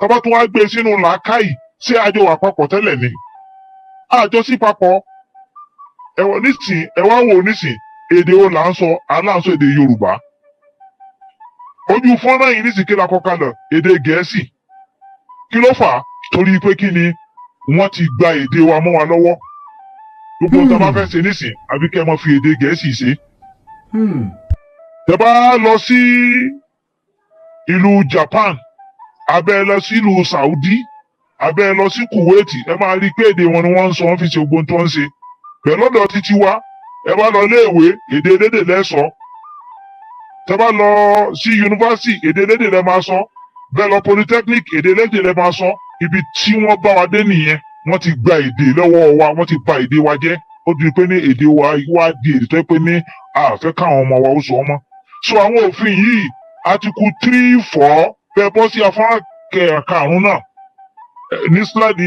tọ́ba tó wá gbé e sínú làákàyè àjọ wà papọ̀ tẹ́lẹ̀ ni àjọ sí papọ̀ nísìn wò nísìn èdè wo kí ló fà á torí pé kí ni wọ́n ti gba èdè wa mọ́ wa lọ́wọ́ gbogbo ohun a bá hmm. fẹ́ ṣe nísìn àbí kẹ́ ẹ mọ́ fi èdè gẹ̀ẹ́sì ṣe. Hmm. tẹ́ bá lọ sí ìlú Japan abẹ́ lọ sí ìlú Saudi abẹ́ lọ sí Kuwaiti ẹ máa rí i pé èdè wọn ni wọ́n ń sọ wọ́n fi ṣe gbogbo ohun tó ń ṣe bẹ́ẹ̀ lọ́dọ̀ títí wa ẹ bá lọ iléèwé èdè elédè lẹ́sọ̀ọ́ tẹ́ bá lọ sí yunifásitì èdè elédè lẹ́ máa sọ. So bẹ́ẹ̀ lọ polytechnic èdè lédè lẹ́ máa sọ ibi tí wọ́n bá wa dé nìyẹn wọ́n ti gba èdè lọ́wọ́ wa wọ́n ti bà èdè wa jẹ́ ó di pé ní èdè wa wá di èdè tó pé ní àfẹ́ káwọn ọmọ wa ó sọ ọmọ. so àwọn òfin yìí article three four bẹ́ẹ̀ bọ́ sí afárá kẹ̀ẹ̀karùn náà ní síláàdì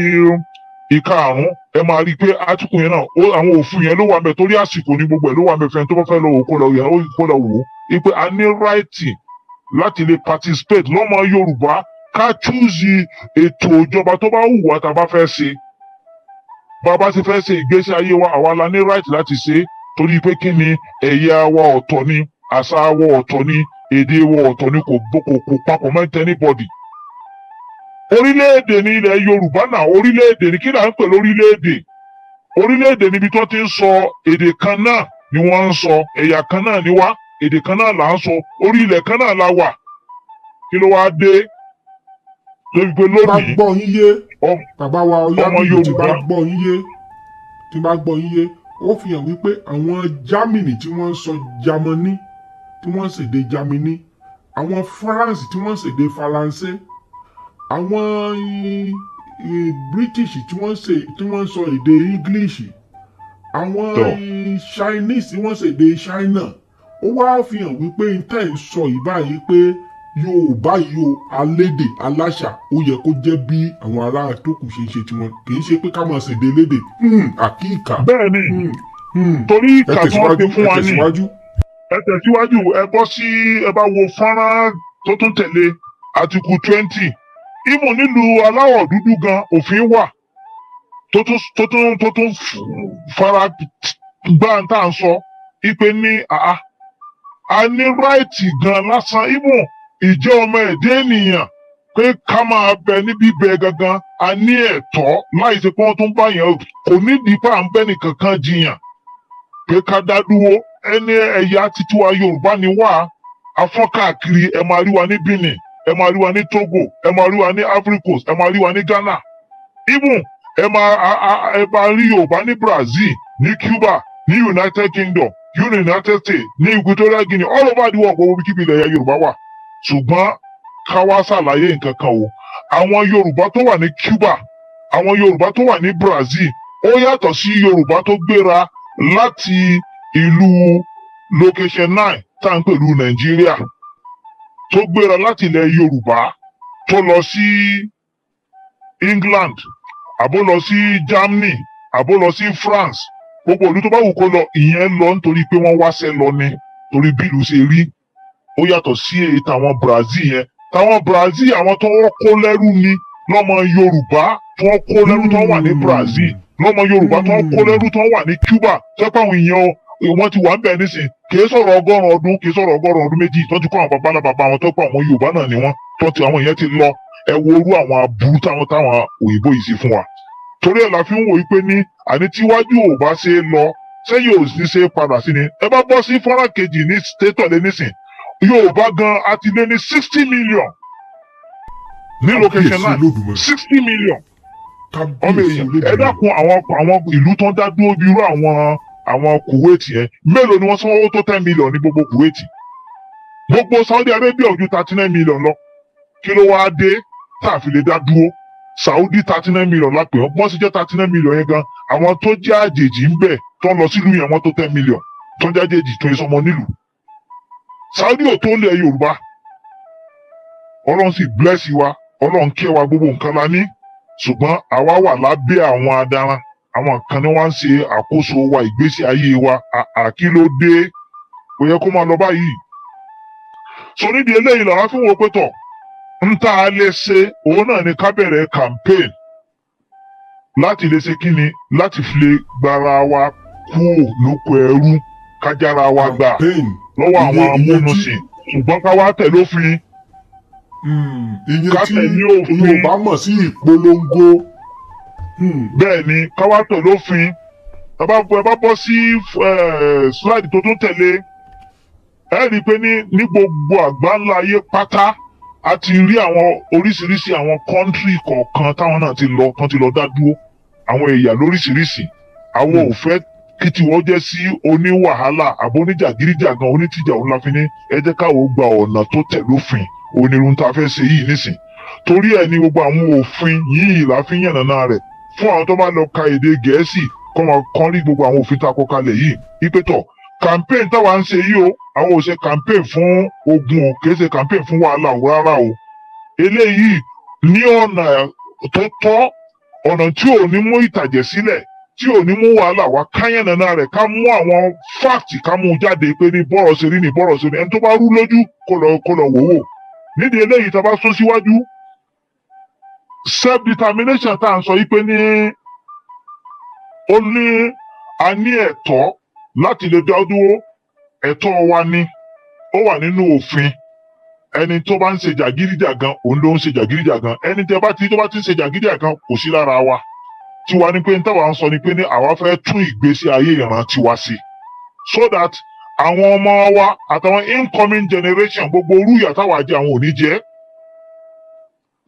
ìkarùn ẹ máa rí i pé article yẹn náà àwọn òfin yẹn ló wà mẹ́ torí àsìkò ní gbogbo ẹ̀ ló wà mẹ́ fẹ́ni tó bá fẹ́ lọ wò kó lọ yẹ kó lọ wò ó pé a ní right láti lè participate lọ́mọ Yorùbá ká chúùsì ètò ìjọba tó bá wù wá tá a bá fẹ́ ṣe bàbá ti fẹ́ ṣe ìgbésí ayé wa àwa la ní right láti ṣe torí pé kí ni ẹ̀yà wa ọ̀tọ̀ ni àṣà wa ọ̀tọ̀ ni èdè wa ọ̀tọ̀ ni kò kò kò papọ̀ mọ́ anybody orílẹ̀-èdè ni ilẹ̀ Yorùbá náà orílẹ̀-èdè ni kí là ń pè lórílẹ̀-èdè orílẹ̀-èdè níbi tó ti ń sọ èdè kan náà ni wọ́n ń sọ ẹ̀yà kan náà ni wá èdè kan náà là ń sọ orí ilẹ̀ kan náà la wà kí ló wáá dé lórí pé lónìí. bá gbọ́ yín yé bàbá wa ọyábíyí tí bá gbọ́ yín yé tí bá gbọ́ yín yé ó fi hàn wípé àwọn Jámánì tí wọ́n sọ Jámánì tí wọ́n ń ṣèdè Jámánì àwọn France tí wọ́n ń ṣèdè Faransé àwọn British tí wọ́n ń sọ èdè English àwọn Chinese tí wọ́n ń ṣèdè China ó wá fi hàn wípé ntẹ́ ì sọ ìbáyìí pé yorùbá yo alédè aláṣà ó yẹ kó jẹ́ bí àwọn ará tó kù ṣe ń ṣe tiwọn kì í ṣe pé ká máa ṣèdè lédè hmm, àkíkà. bẹ́ẹ̀ni hmm. Hmm. torí ìkà tí wọ́n ti fún wa ní ẹ tẹ̀síwájú ẹ bọ́ sí ẹ bá wo fọ́nrán tó tún tẹ̀lé àtìkù twenty ìmù nílùú aláwọ̀ dúdú gan òfin wà tó tún tó tún fara gbáǹtà ń sọ ipe ní àá. a ni raiti gan lasan imu ìjẹ́ ọmọ ede eniyan pe ká abe bẹ níbi gangan a ni eto láì ṣe pé wọ́n tún bá ko ni di pé n ń bẹ́ nìkan kan jiyàn pé ká dá ẹni ẹ̀yà titiwa Yorùbá ni wá afọ́n ẹ máa rí wa ní Benin ẹ máa rí wa ní Togo ẹ máa rí wa ní Africos ẹ máa rí wa ní Ghana imu ẹ máa rí Yorùbá ní Brazil ní Cuba ní United Kingdom United States ní Equatorial Guinea all over the world gbogbo kíbi ilẹ̀ Yorùbá wà ṣùgbọ́n káwá ṣàlàyé nǹkan kan o àwọn Yorùbá tó wà ní Cuba àwọn Yorùbá tó wà ní Brazil ó yàtọ̀ sí Yorùbá tó gbéra láti ìlú location nine tá à ń pèlú Nàìjíríà tó gbéra láti ilẹ̀ Yorùbá tó lọ sí England àbó lọ sí Germany àbó lọ sí France gbogbo ìlú tó bá wù kó lọ ìyẹn lọ nítorí pé wọ́n wáṣẹ́ lọ ni torí bí ìlú ṣe rí ó yàtọ̀ sí èyí táwọn Brazil yẹn táwọn Brazil àwọn tó wọ́n kó lẹ́rú ni lọ́mọ Yorùbá tó wọ́n kó lẹ́rú tó wà ní hmm. Brazil lọ́mọ Yorùbá tó wọ́n kó lẹ́rú tó wà ní Cuba sẹ́pà àwọn èèyàn wọ́n ti wà ń bẹ̀ nísìn kìí sọ̀rọ̀ ọgọ́rùn-ún ọdún kìí sọ̀rọ̀ ọgọ́rùn-ún ọdún méjì tó ti kọ́ àwọn babalá baba wọn tó pa àwọn Yorùbá náà ni wọ́n tó ti àwọn èèyàn ti lọ ẹ wo orú àwọn aburú táwọn táwọn òyìnbó yìí sí fún wa torí ẹ̀ la fi ń wò wípé ní àní tíwájú ò bá ṣe é lọ sẹ́yìn ò sì ṣe é padà sí ni ẹ bá bọ́ sí fọ́nrán kejì ní tẹ́tọ̀lé nísìn Yorùbá gan a ti lé ní sixty million ní location náà sixty million ọmọ èèyàn ẹ dákun àwọn àwọn ìlú tó ń dá dúró bí irú àwọn àwọn Kuwait yẹn mélòó ni wọ́n sanwó tó ten million ní gbogbo Kuwait gbogbo Saudi Arabia ojú thirty nine million lọ kí ló wáá dé tá a fi lè dá dúró saudi thirty nine million lápè wọn bọ́n sì jẹ́ thirty nine million yẹn gan àwọn tó jẹ́ àjèjì ń bẹ̀ tó ń lọ sílùú yẹn wọ́n tó ten million tó ń jẹ́ àjèjì tó ń sọmọ nílùú saudi ò tó lẹ̀ yorùbá ọlọ́run sì bless wa ọlọ́run kẹ́ wa gbogbo nǹkan la ní ṣùgbọ́n àwa wà lábẹ́ àwọn adaran àwọn kan ni wọ́n ń ṣe àkóso wa ìgbésí ayé wa àkílódé kò yẹ kó máa lọ báyìí so nídìí eléyìí làwọn fi ń wo pé tọ̀ ń tá a lè ṣe òun náà ni ká bẹ̀rẹ̀ campaign láti lè ṣe kí ni láti fi lè gbára wa kúrò lóko ẹrú kájára wa gbà lọ́wọ́ àwọn amúnusìn ṣùgbọ́n ká wá tẹ̀lé òfin. Hmm, ká tẹ̀lé òfin iye tí Yorùbá mọ̀ sí ìpolongo. Hmm. bẹ́ẹ̀ ni ká wá tẹ̀lé òfin ẹ bá bọ́ sí slide tó tún tẹ̀lé ẹ rí i pé ní gbogbo àgbáńlá ayé pátá a ti rí àwọn oríṣiríṣi àwọn kọ́ńtírì kọ̀ọ̀kan táwọn náà ti lọ tán ti lọ dá dúró àwọn ẹ̀yà lóríṣiríṣi àwọn hmm. ò fẹ́ kí tiwọ́ jẹ́ sí oníwàhálà àbóníjàgídíjàgan onítìjà òun la fi ní ẹ jẹ́ káwọ́ gba ọ̀nà tó tẹ̀ lófin onírun tá a fẹ́ ṣe yìí nísìn torí ẹ̀ ni gbogbo àwọn òfin yìí la fi yànnàná rẹ̀ fún àwọn tó bá lọ ka èdè gẹ̀ẹ́sì kọ́ máa kọ́rí gbogbo àwọn òfin tá a kọ kalẹ̀ yìí ìpẹ́tọ̀ campaign táwa ń ṣe yìí o àwọn ò ṣe campaign fún ogun o kì í ṣe campaign fún wàhálà o rárá o eléyìí ní ọ̀nà tó tọ́ ọ̀nà tí ò ní mú ìtàjẹ̀ sílẹ̀ tí ò ní mú wàhálà wá káyàn nana rẹ̀ ká mú àwọn fáàtì ká mú jáde pé ní bọ́rọ̀ ṣe rí ní bọ́rọ̀ ṣe rí ẹni tó bá rú lójú kó lọ kó lọ wò wò nídìí eléyìí tá bá sún síwájú self determination tá à ń sọ yìí pé ní ó ní a ní ẹ̀tọ́ láti lè dá dúró ẹ̀tọ́ wa ni ó wà nínú òfin ẹni tó bá ń ṣe jàgídíjàgan òun ló ń ṣe jàgídíjàgan ẹni tẹ bá ti tó bá ti ń ṣe jàgídíjàgan kò sí lára wa tiwa ni pé táwa ń sọ ni pé ní àwa fẹ́ tún ìgbésí ayé ìran tiwa sí so that àwọn ọmọ wa àtàwọn incoming generation gbogbo orú ìyà táwa jẹ àwọn ò ní jẹ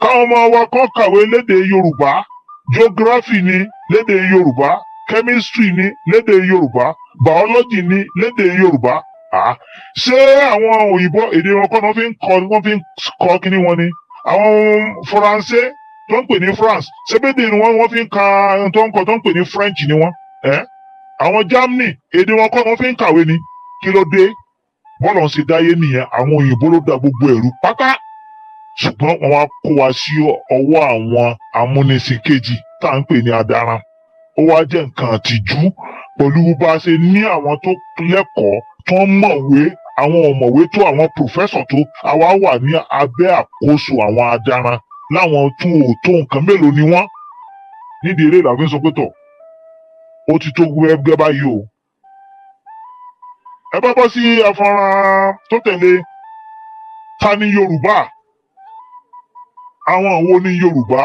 káwọn ọmọ wa kàn kàwé lédè Yorùbá geography ni lédè Yorùbá chemistry ni lédè Yorùbá biology ni lédè yorùbá ṣé àwọn òyìnbó èdè wọn kọ́ ni wọ́n fi ń kọ́ wọ́n fi ń kọ́ kí ni wọ́n ni àwọn faransé tó ń pè ní france ṣébédè ni wọ́n wọ́n fi ń ka tó ń kọ́ tó ń pè ní french ni wọ́n àwọn germany èdè wọn kọ́ ni wọ́n fi ń kàwé ni kí ló dé bọ́lọ̀ ń ṣe dáyé nìyẹn àwọn òyìnbó ló da gbogbo ẹ̀rú pátá ṣùgbọ́n wọn wá kó wa sí ọwọ́ àwọn amúnisìn kejì tá à ń pè ní adaran ó wá jẹ́ nǹkan àtijú pẹ̀lú bá a ṣe ní àwọn tó lẹ́kọ̀ọ́ tó ń mọ̀wé àwọn ọ̀mọ̀wé tó àwọn pòfẹ́sọ̀ tó àwa wà ní abẹ́ àkóso àwọn adaran láwọn tún ò tó nǹkan mélòó ni wọ́n nídìí eré ìlànà sọ pé tọ̀ ó ti tó gbẹ́gbẹ́ báyìí o. ẹ bá bọ́ sí afọ́nrán tó tẹ̀lé ta ni Yorùbá àwọn wo ni Yorùbá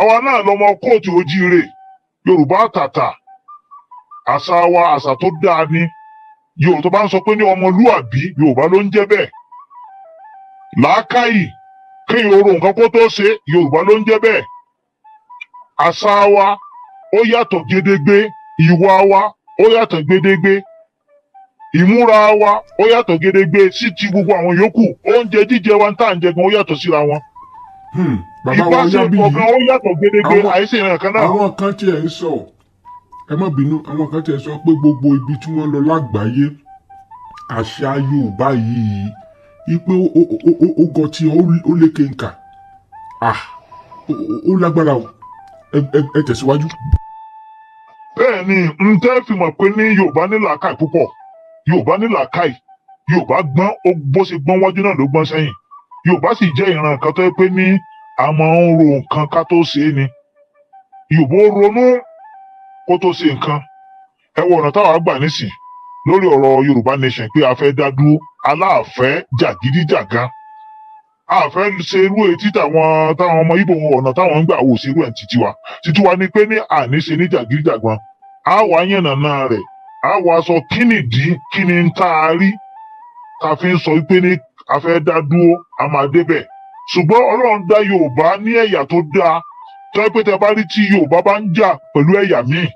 àwa náà lọmọ kóòtù ojíire Yorùbá tàtà àṣà wa àṣà tó dáa ni yóò tó bá ń sọ pé ní ọmọlúàbí yorùbá ló ń jẹ́ bẹ́ẹ̀ làákàyè kéèyàn oró nǹkan kó tó ṣe yorùbá ló ń jẹ́ bẹ́ẹ̀ àṣà wa ó yàtọ̀ gédégbé ìwà wa ó yàtọ̀ gédégbé ìmúra wa ó yàtọ̀ gédégbé sí ti gbogbo àwọn yòókù oúnjẹ jíjẹ wa ń tà ń jẹ gan ó yàtọ̀ síra wọn. Hmm, ìbáṣepọ̀ gan ó yàtọ̀ gédégbé àìsè ìrìn náà. àwọn kan tiẹ̀ ń sọ ẹ má bínú àwọn kan tiẹ̀ sọ pé gbogbo ibi tí wọ́n lọ lágbàáyé àṣà Yorùbá yìí ipe ó gọ tí ó lékè nkà ah ó lágbára o ẹ tẹ̀síwájú. bẹ́ẹ̀ ni n tẹ́ fi mọ̀ pé ní Yorùbá ní làákàì púpọ̀ Yorùbá ní làákàì Yorùbá gbọ́n bó ṣe gbọ́n wájú náà ló gbọ́n sẹ́yìn Yorùbá sì jẹ́ ìran kan tó yẹ pé ní àmọ́ ń ro nǹkan ká tó ṣe é ni Yorùbá ronú kó tó ṣe nǹkan ẹ wo ọ̀nà táwa gbà nísìn lórí ọ̀rọ̀ yorùbá nation pé a fẹ́ dá dúró aláàfẹ́ jàgídíjàgan a fẹ́ ṣe irú etí táwọn táwọn ọmọ ibo ọ̀nà táwọn ń gbà wò sí irú ẹ̀ títí wa títí wa ni pé ní àní ṣe ní jàgídíjàgan a wàá yànnàná rẹ̀ a wàá sọ kí nìdí kí ni tá a rí ta fi ń sọ wípé ní a fẹ́ dá dúró a máa débẹ̀ ṣùgbọ́n ọlọ́run dá yorùbá ní ẹ̀yà tó dáa tọ́ pé tẹ bá rí tí yorùbá bá ń jà pẹ̀lú ẹ̀yà míì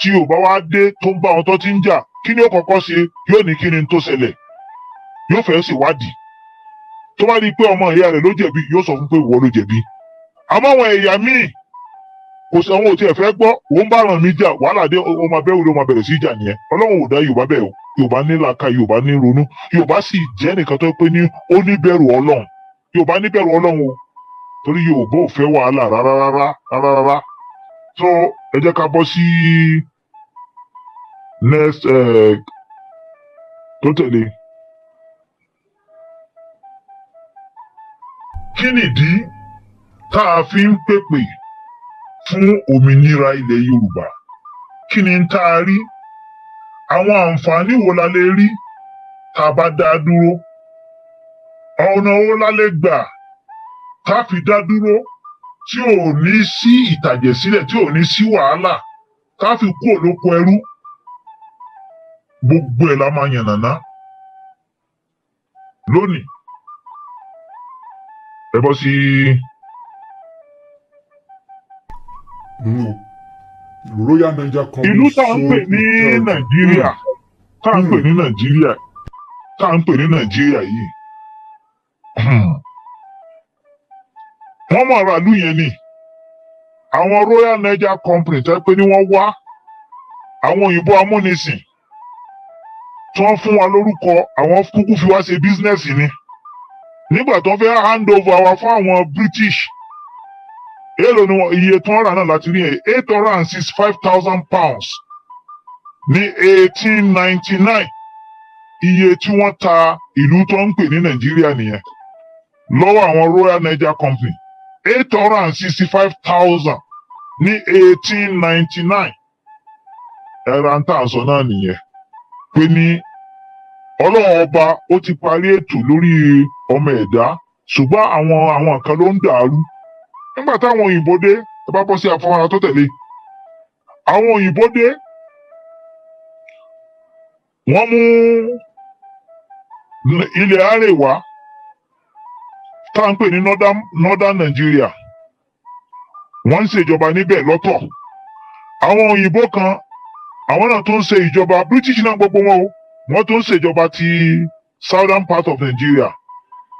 tí ò bá wá dé tó ń bá wọn tó ti ń jà kí ni ó kọ́kọ́ ṣe yóò ní kí ni tó ṣẹlẹ̀ yóò fẹ́ ṣèwádìí tó bá rí i pé ọmọ ìyá rẹ̀ ló jẹ̀bi yóò sọ fún pé ìwọ ló jẹ̀bi àmọ́ àwọn ẹ̀yà míì kò sí àwọn ò tiẹ̀ fẹ́ gbọ́ òun bá ràn mí jà wàhálà dé ọmọ abẹ́wò ló máa bẹ̀rẹ̀ sí ìjà nìyẹn ọlọ́run ò dá yorùbá bẹ́ẹ̀ o yorùbá ní làákà yorùbá ní ronú yorùbá sì jẹ́ nìkan tó pé ní ó ní bẹ̀rù ọlọ́run yorùbá ní bẹ̀rù ọlọ́run o torí yorùbá ò fẹ́ wàhálà rárá rárá rárá rárá so ẹ jẹ́ ká bọ́ sí next eh, tó tẹ̀lé. kí nìdí tá a fi ń pèpè fún òmìnira ilẹ̀ Yorùbá kí ni tá a rí àwọn àǹfààní wo la lè rí tá a bá dá dúró ọ̀nà wo la lè gbà tá a fi dá dúró tí ò ní sí ìtàjẹ̀sílẹ̀ tí ò ní sí wàhálà ká fi kú òlóko ẹrú gbogbo ẹ̀ la máa yànnàná lónìí ẹ bọ́ sí. Royal tá à ń pè ní Nàìjíríà tá à ń pè hmm. ní Nàìjíríà tá à ń pè ní Nàìjíríà yìí. Hmm wọ́n mọ̀ ra ìlú yẹn ni àwọn Royal Niger Company tẹ́ pé ni wọ́n wá àwọn òyìnbó amúnisìn tí wọ́n fún wa lórúkọ àwọn kúkú fi wá ṣe bísínẹ́sì ni nígbà tó ń fẹ́ hand over wa fún àwọn British èèlò ni wọn iye tó ń rà náà láti rí ẹ eight hundred and sixty five thousand pounds ní eighteen ninety nine iye tí wọ́n ta ìlú tó ń pè ní Nàìjíríà nìyẹn lọ́wọ́ àwọn Royal Niger Company eight hundred sixty-five thousand ní eighteen ninety-nine ẹ̀rọ àǹtà àṣọ náà nìyẹn pé ní ọlọ́run ọba ó ti parí ètò lórí ọmọ ẹ̀dá ṣùgbọ́n àwọn àwọn nǹkan ló ń dàrú nígbà táwọn òyìnbó dé ẹ bá bọ́ sí àfọwọ́ra tó tẹ̀lé àwọn òyìnbó dé wọ́n mú ilẹ̀ àárẹ̀ wá tá à ní northern northern Nigeria wọ́n ń ṣèjọba níbẹ̀ lọ́tọ̀ àwọn òyìnbó kan àwọn náà tó ń ṣe ìjọba British náà gbogbo wọn o wọ́n tó ń ṣèjọba ti southern part of Nigeria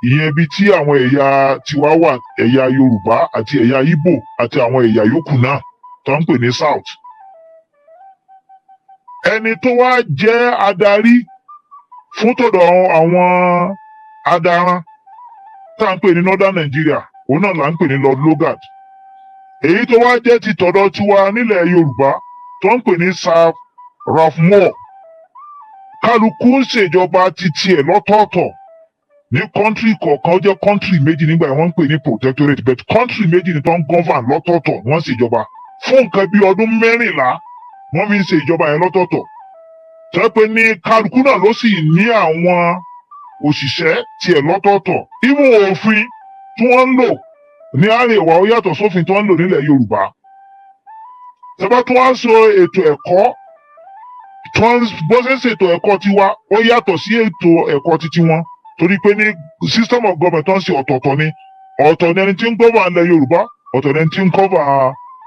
ìyẹn ibi tí àwọn ẹ̀yà tiwa wà ẹ̀yà Yorùbá àti ẹ̀yà Igbo àti àwọn ẹ̀yà yòókù náà tó ń pè ní south ẹni tó wá jẹ́ adarí fún tọ̀dọ̀ àwọn adaran tá à ń pè ní northern Nigeria òun náà là ń pè ní Lord Logard èyí tó wá jẹ́ ti tọ̀dọ̀ tiwa nílẹ̀ Yorùbá tó ń pè ní Sir Ralph Moore kálukú ń ṣèjọba titi ẹ̀ lọ́tọ̀ọ̀tọ̀ ní kọ́ńtírì kọ̀ọ̀kan ó jẹ́ kọ́ńtírì méjì nígbà yẹn wọ́n ń pè ní protectorate but kọ́ńtírì méjì ni tó ń govern lọ́tọ̀ọ̀tọ̀ wọ́n ṣèjọba fún nǹkan bíi ọdún mẹ́rìnlá wọ́n fi ń ṣèjọba yẹn lọ́tọ̀ọ̀tọ̀ tẹ́ pé ní kálukú náà ló sì ní àwọn òṣìṣẹ́ tiẹ̀ lọ́tọ̀ọ̀tọ̀ ìwọ òfin tí wọ́n ń lò ní àríwá ó yàtọ̀ sófin tí wọ́n ń lò nílẹ̀ Yorùbá tẹ́bá tí wọ́n ń sọ ètò ẹ̀kọ́ tí wọ́n bó ṣe ń ẹ̀kọ́ tiwa ó yàtọ̀ sí ètò ẹ̀kọ́ titi wọn torí pé ní system of government tó ń ṣe ọ̀tọ̀ọ̀tọ̀ ni ọ̀tọ̀ ni ẹni tí ń gọ́bà ilẹ̀ Yorùbá ọ̀tọ̀ ni ẹni tí ń gọ́bà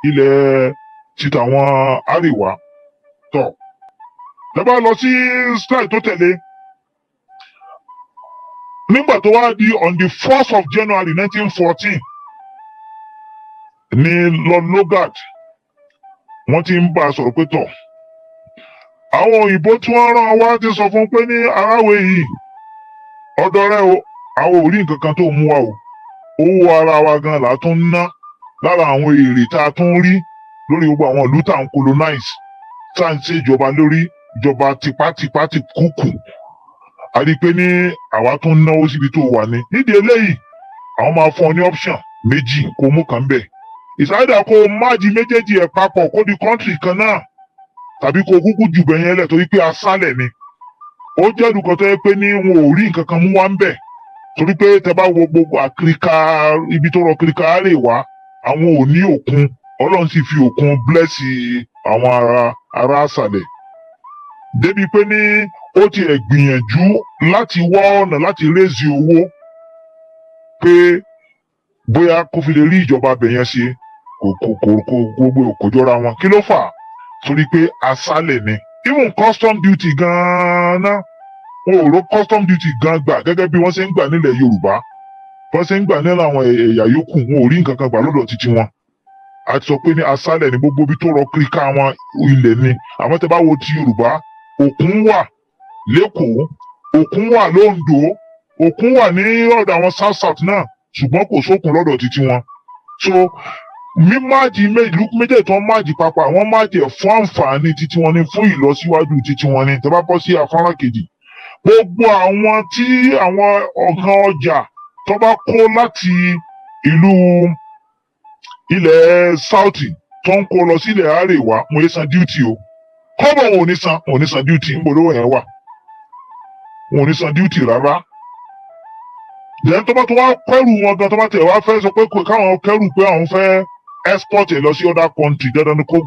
ilẹ̀ títàwọn àríwá tọ̀ tẹ́bá lọ sí slide tó tẹ̀lé nígbà tó wá di on the first of January nineteen fourteen ní Lord Lugard wọ́n ti ń bá a sọ̀rọ̀ pé tọ̀ àwọn òyìnbó tí wọ́n rán wá ti sọ fún pé ní aráwé yìí ọ̀dọ̀ rẹ o àwọn ò rí nǹkan kan tó mú wa o owó ara wa gan la tún ń ná lára àwọn èrè tá a tún rí lórí gbogbo àwọn ìlú tá à ń colonize tá à ń ṣèjọba lórí ìjọba tipátipá ti kúkú a rí i pé ní àwa tó ń náwó síbi tó wà ní nídìí eléyìí àwọn máa fún ọ ní option méjì kó mú kan bẹ́ẹ̀ ìsáyédà kó o máàjì méjèèjì ẹ̀ papọ̀ kó di country kan náà tàbí kó o kúkú jù bẹ́ẹ̀ yẹn lẹ̀ torí pé asálẹ̀ ni ó jẹ́ ìdúkọ̀ tó yẹ pé ní wọn ò rí nǹkan kan mú wá ń bẹ̀ torí pé tẹ bá wo gbogbo àkìríkà ibi tó rọ kìríkà rè wá àwọn ò ní òkun ọlọ́run sì fi òkun blẹ́sì àwọn ará ará àsàlẹ̀ débi pé ní ó tiẹ̀ gbìyànjú láti wá ọ̀nà láti rézi owó pé bóyá kó fi lè rí ìjọba abẹ̀ yẹn ṣe kò kò kò kò gbogbo òkòjọra wọn kí ló fà á torí pé aṣálẹ̀ ni even custom duty gan-an wọn ò rò custom duty gan gbà gẹ́gẹ́ bí wọ́n ṣe ń gbà nílẹ̀ Yorùbá wọ́n ṣe ń gbà nílẹ̀ àwọn ẹ̀yà yòókù wọn ò rí nǹkan kan gbà lọ́dọ̀ títí wọn a ti sọ pé ní aṣálẹ̀ ni gbogbo ibi tó rọ kíríkà wọn ilẹ̀ ni àmọ́ tẹ́ bá wo ti Yorùbá òkun wà lẹ́kọ̀ọ́ òkun wà lóńdó òkun wà ní ọ̀dọ̀ àwọn south south náà ṣùgbọ́n kò sókun lọ́dọ̀ títí wọn so mi máàjì ìlú méjèèjì tó ń máàjì papọ̀ àwọn máàjì ẹ̀ fún àǹfààní títí wọn ni fún ìlọsíwájú títí wọn ni tẹ́ bá bọ́ sí afárá kejì gbogbo àwọn tí àwọn ọ̀gá ọjà tó bá kó láti ìlú ilẹ̀ south tó ń kó lọ sílẹ̀ àárẹ̀ wá mo yẹ san duty o kọ́bọ̀ wọn ò ní san ò ń bolówó yẹn wà wọn ò ní san duty rárá lẹ́yìn tó bá tó wá wọn gan tó bá tẹ̀ wá sọ pé káwọn kẹ́rù pé àwọn fẹ́ export ẹ̀ lọ sí other country dandan ni kó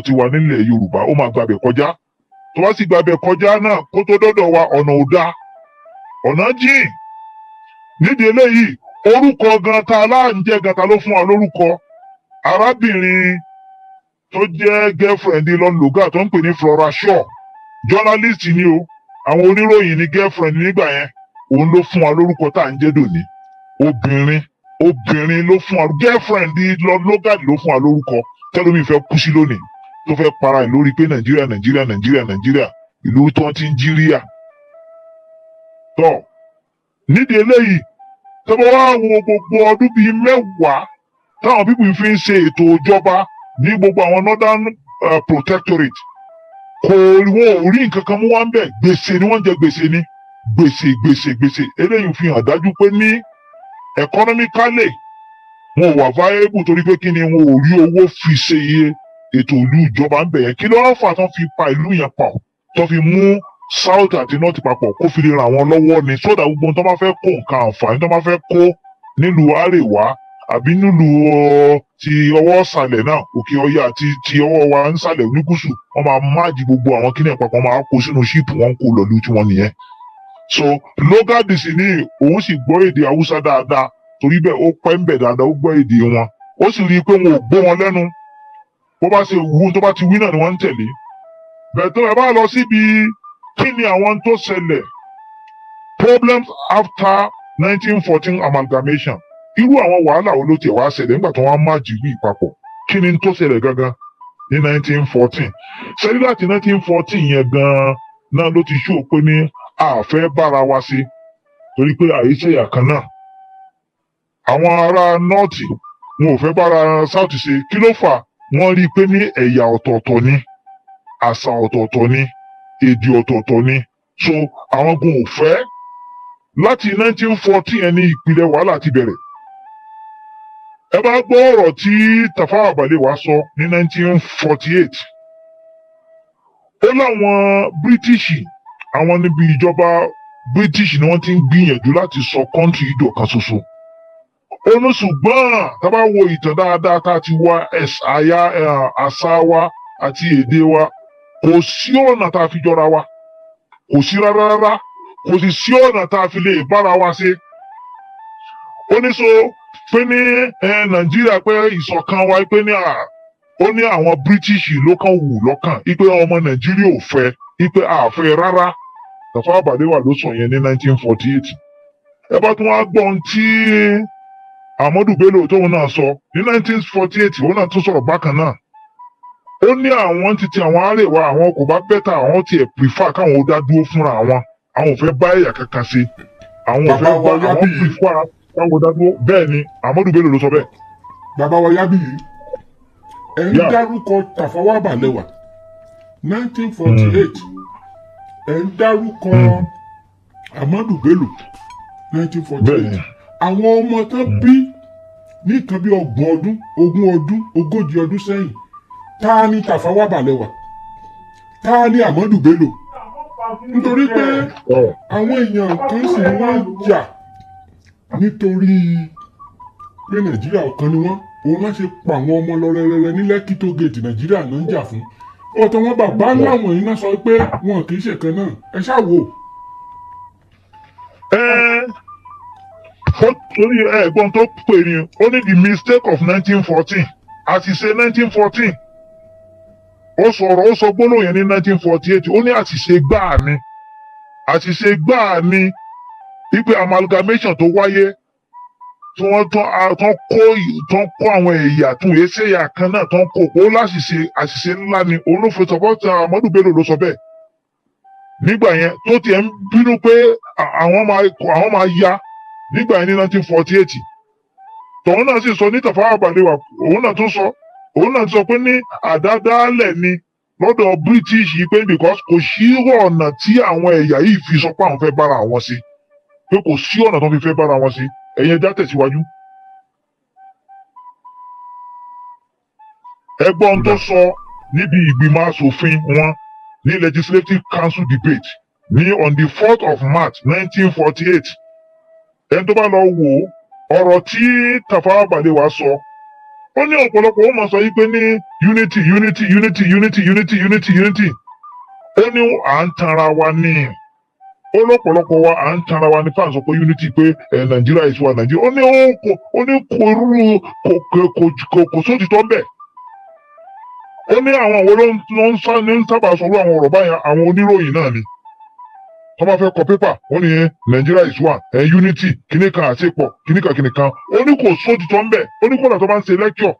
tiwa Yorùbá ó máa kọjá tó bá sì kọjá náà kó wa ọ̀nà ò dáa ọ̀nà jìn nídìí eléyìí orúkọ gan ta aláǹjẹ gan ta ló fún wa lórúkọ arábìnrin tó girlfriend Flora Shaw journalist ni o àwọn oníròyìn ni girlfriend nígbà yẹn òun ló fún wa lórúkọ tá à ń jẹ́ dòní obìnrin obìnrin ló fún wa girlfriend lọ́gàdì ló fún wa lórúkọ tẹ́lómi fẹ́ kú sí lónìí tó fẹ́ para ẹ̀ lórí pé nàìjíríà nàìjíríà nàìjíríà nàìjíríà ìlú tó ti ń jíríà. tọ́ nídìí eléyìí tọ́wọ́ wá wo gbogbo ọdún bíi mẹ́wàá táwọn bíbí fi ń ṣe ètò ìjọba ní gbogbo àwọn northern uh, protectorate kò wọn ò rí nǹkan kan mú wá ń bẹ̀ gbèsè ni wọ́n ń jẹ gbèsè ni gbèsè gbèsè gbèsè eléyìí fi hàn dájú pé ní economically wọn ò wà viable torí pé kí ni wọn ò rí owó fi ṣe iye ètò ìlú ìjọba ń bẹ̀ yẹn kí ló wá fà tán fi pa ìlú yẹn pọ̀ tán fi mú south àti north papọ̀ kó fi lè ràn wọ́n lọ́wọ́ ni sódà gbogbo tán bá fẹ́ kó nǹkan àǹfààní tán bá fẹ́ kó nílùú àrèwá àbí nílùú ti ọwọ́ ìsàlẹ̀ náà òkè ọya àti ti ọwọ́ wa ìsàlẹ̀ ní gúúsù wọ́n máa máàjì gbogbo àwọn kíní ìpapọ̀ máa kó sínú ṣíìpù wọn kó lọ lu tiwọn nìyẹn. so local dc ní òun sì gbọ́ èdè haúsá dáadáa torí bẹ́ẹ̀ ó pẹ́ ń bẹ̀ dáadáa ó gbọ́ èdè wọn ó sì rí i pé wọn ò gbọ́ wọn lẹ́nu bó bá ṣe wú tó bá ti wí náà ni wọ́n ń tẹ̀lé. bẹ̀tẹ̀ ẹ bá lọ síbi kí ni àwọn tó ṣẹlẹ̀ problems after 1914 amalgamation irú àwọn wàhálà wo ló tiẹ̀ wá ṣẹlẹ̀ nígbà tó wọ́n má jìlú ìpapọ̀ kí ni tó ṣẹlẹ̀ gangan ní 1914 ṣẹlẹ̀ láti 1914 yẹn gan-an náà ló ti ṣú òpin ní àfẹ́ bára wa sí torí pé àyíṣẹ́yà kan náà àwọn ará nọ́ọ̀tì wọn ò fẹ́ bára sáùtì ṣe kí ló fà wọ́n rí i pé ní ẹ̀yà ọ̀tọ̀ọ̀tọ̀ ni àṣà ọ̀tọ̀ọ̀tọ̀ ni èdè ọ̀tọ̀ọ̀tọ̀ ni so àwọn gun ò fẹ́ láti 1914 ẹni ìpìlẹ̀ wàhálà ti bẹ̀rẹ̀ ẹ bá gbọ́ ọ̀rọ̀ tí Tafawa Balewa sọ ní 1948 ó láwọn british àwọn níbi ìjọba british ni wọ́n ti ń gbìyànjú láti sọ kọ́ńtì ìdò kan ṣoṣo ó ní ṣùgbọ́n tá a bá wo ìtàn dáadáa tá a ti wá àyà àṣà wa àti èdè wa kò sí ọ̀nà tá a fi jọra wa kò sí rárá rárá kò sì sí ọ̀nà tá a fi lè bára wa ṣe ó pé ní nàìjíríà pé ìṣọ̀kan wa pé ní à ó ní àwọn british ló kàn wù lọ́kàn ipe ọmọ nàìjíríà ò fẹ́ ipe àfẹ́ rárá Tafawa Balewa ló sọ yẹn ní 1948 ẹ bá tún wá gbọ́ tí Ahmadu Bello tóun náà sọ ní 1948 òun náà tún sọ̀rọ̀ bákan náà ó ní àwọn títí àwọn àríwá àwọn kò bá bẹ́tà àwọn tiẹ̀ prefer káwọn ó dá dúró fúnra wọn àwọn ò fẹ́ bá ẹ̀yà kankan ṣe àwọn ò fẹ́ bá àwọn prefer. Tanko Dadumo. Bẹ́ẹ̀ Amadu Bello ló sọ bẹ́ẹ̀. Bàbá wa yábì ẹ ń dárúkọ Tafawa Balewa nineteen forty eight, ẹ ń dárúkọ Amadu Bello nineteen forty eight. Àwọn ọmọ tán hmm. bí ní nǹkan bí ọgbọ̀n ọdún, ogún ọdún, ogójì ọdún sẹ́yìn. Ta ni Tafawa Balewa? Ta ni Amadu Bello? Nítorí pé àwọn èèyàn kan sì ń wá jà nítorí pé nàìjíríà ọ̀kan ni wọ́n òun wọ́n ṣe pa àwọn ọmọ lọ rẹrẹrẹ ní lẹ́kì tó géètì nàìjíríà náà ń jà fún ọ̀tọ̀ wọn bàbá ńlá wọ̀nyí náà sọ pé wọn kì í ṣèkan náà ẹ ṣáà wò. ẹ ó torí ẹ̀gbọ́n tó pè ní ó ní the mistake of 1914 àṣìṣe 1914 ó sọ̀rọ̀ ó sọ gbólóhùn yẹn ní 1948 ó ní àṣìṣe gbáà ni àṣìṣe gbáà ni wípé amalgamation tó wáyé tí wọ́n tán kó tán kó àwọn ẹ̀yà tún èé ṣẹ̀yà kan náà tán kó kó láṣìṣe àṣìṣe ńlá ni òun ló fi Bello ló sọ bẹ́ẹ̀ nígbà yẹn tó tiẹ̀ ń bínú pé àwọn máa ya nígbà yẹn ní nineteen forty eight tòun náà sì sọ ní Tafawa Balewa òun náà tún sọ òun náà sọ pé ní àdádálẹ̀ ni lọ́dọ̀ British yìí pé because kò sí ọ̀nà tí àwọn ẹ̀yà yìí fi sọ pé àwọn fẹ́ bára àwọn sí pé kò sí ọ̀nà tó fi fẹ́ bára wọn sí ẹ̀yin ẹja tẹ̀síwájú. ẹgbọ́n tó sọ níbi ìgbìmọ̀ asòfin wọn ní legislative council debate ní on the fourth of march nineteen forty eight ẹni tó bá lọ wò ọ̀rọ̀ tí Tafawa Balewa sọ ó ní ọ̀pọ̀lọpọ̀ ó mọ̀ sọ yí pé ní unity unity unity unity unity unity unity ó ní à ń tanra wa níyìn ó lọ́pọ̀lọpọ̀ wa à ń tara wa ní fáà sọ pé unity pé ẹ eh, nàìjíríà is wa nàìjíríà ó ní kò ó ní kò irú kò kò kò sóòtítọ́ bẹ́ẹ̀ ó ní àwọn àwọn ló ń sá ní sábà sọ̀rọ̀ àwọn ọ̀rọ̀ báyìí àwọn oníròyìn náà ni tó bá fẹ́ kọ pépà wọ́n ní eh, nàìjíríà is wa ẹ eh, unity kìnnì kan àṣepọ̀ kìnnì kan kìnnì kan ó ní kò sóòtítọ́ bẹ́ẹ̀ ó ní kódà tó bá ń ṣe lẹ́kíọ̀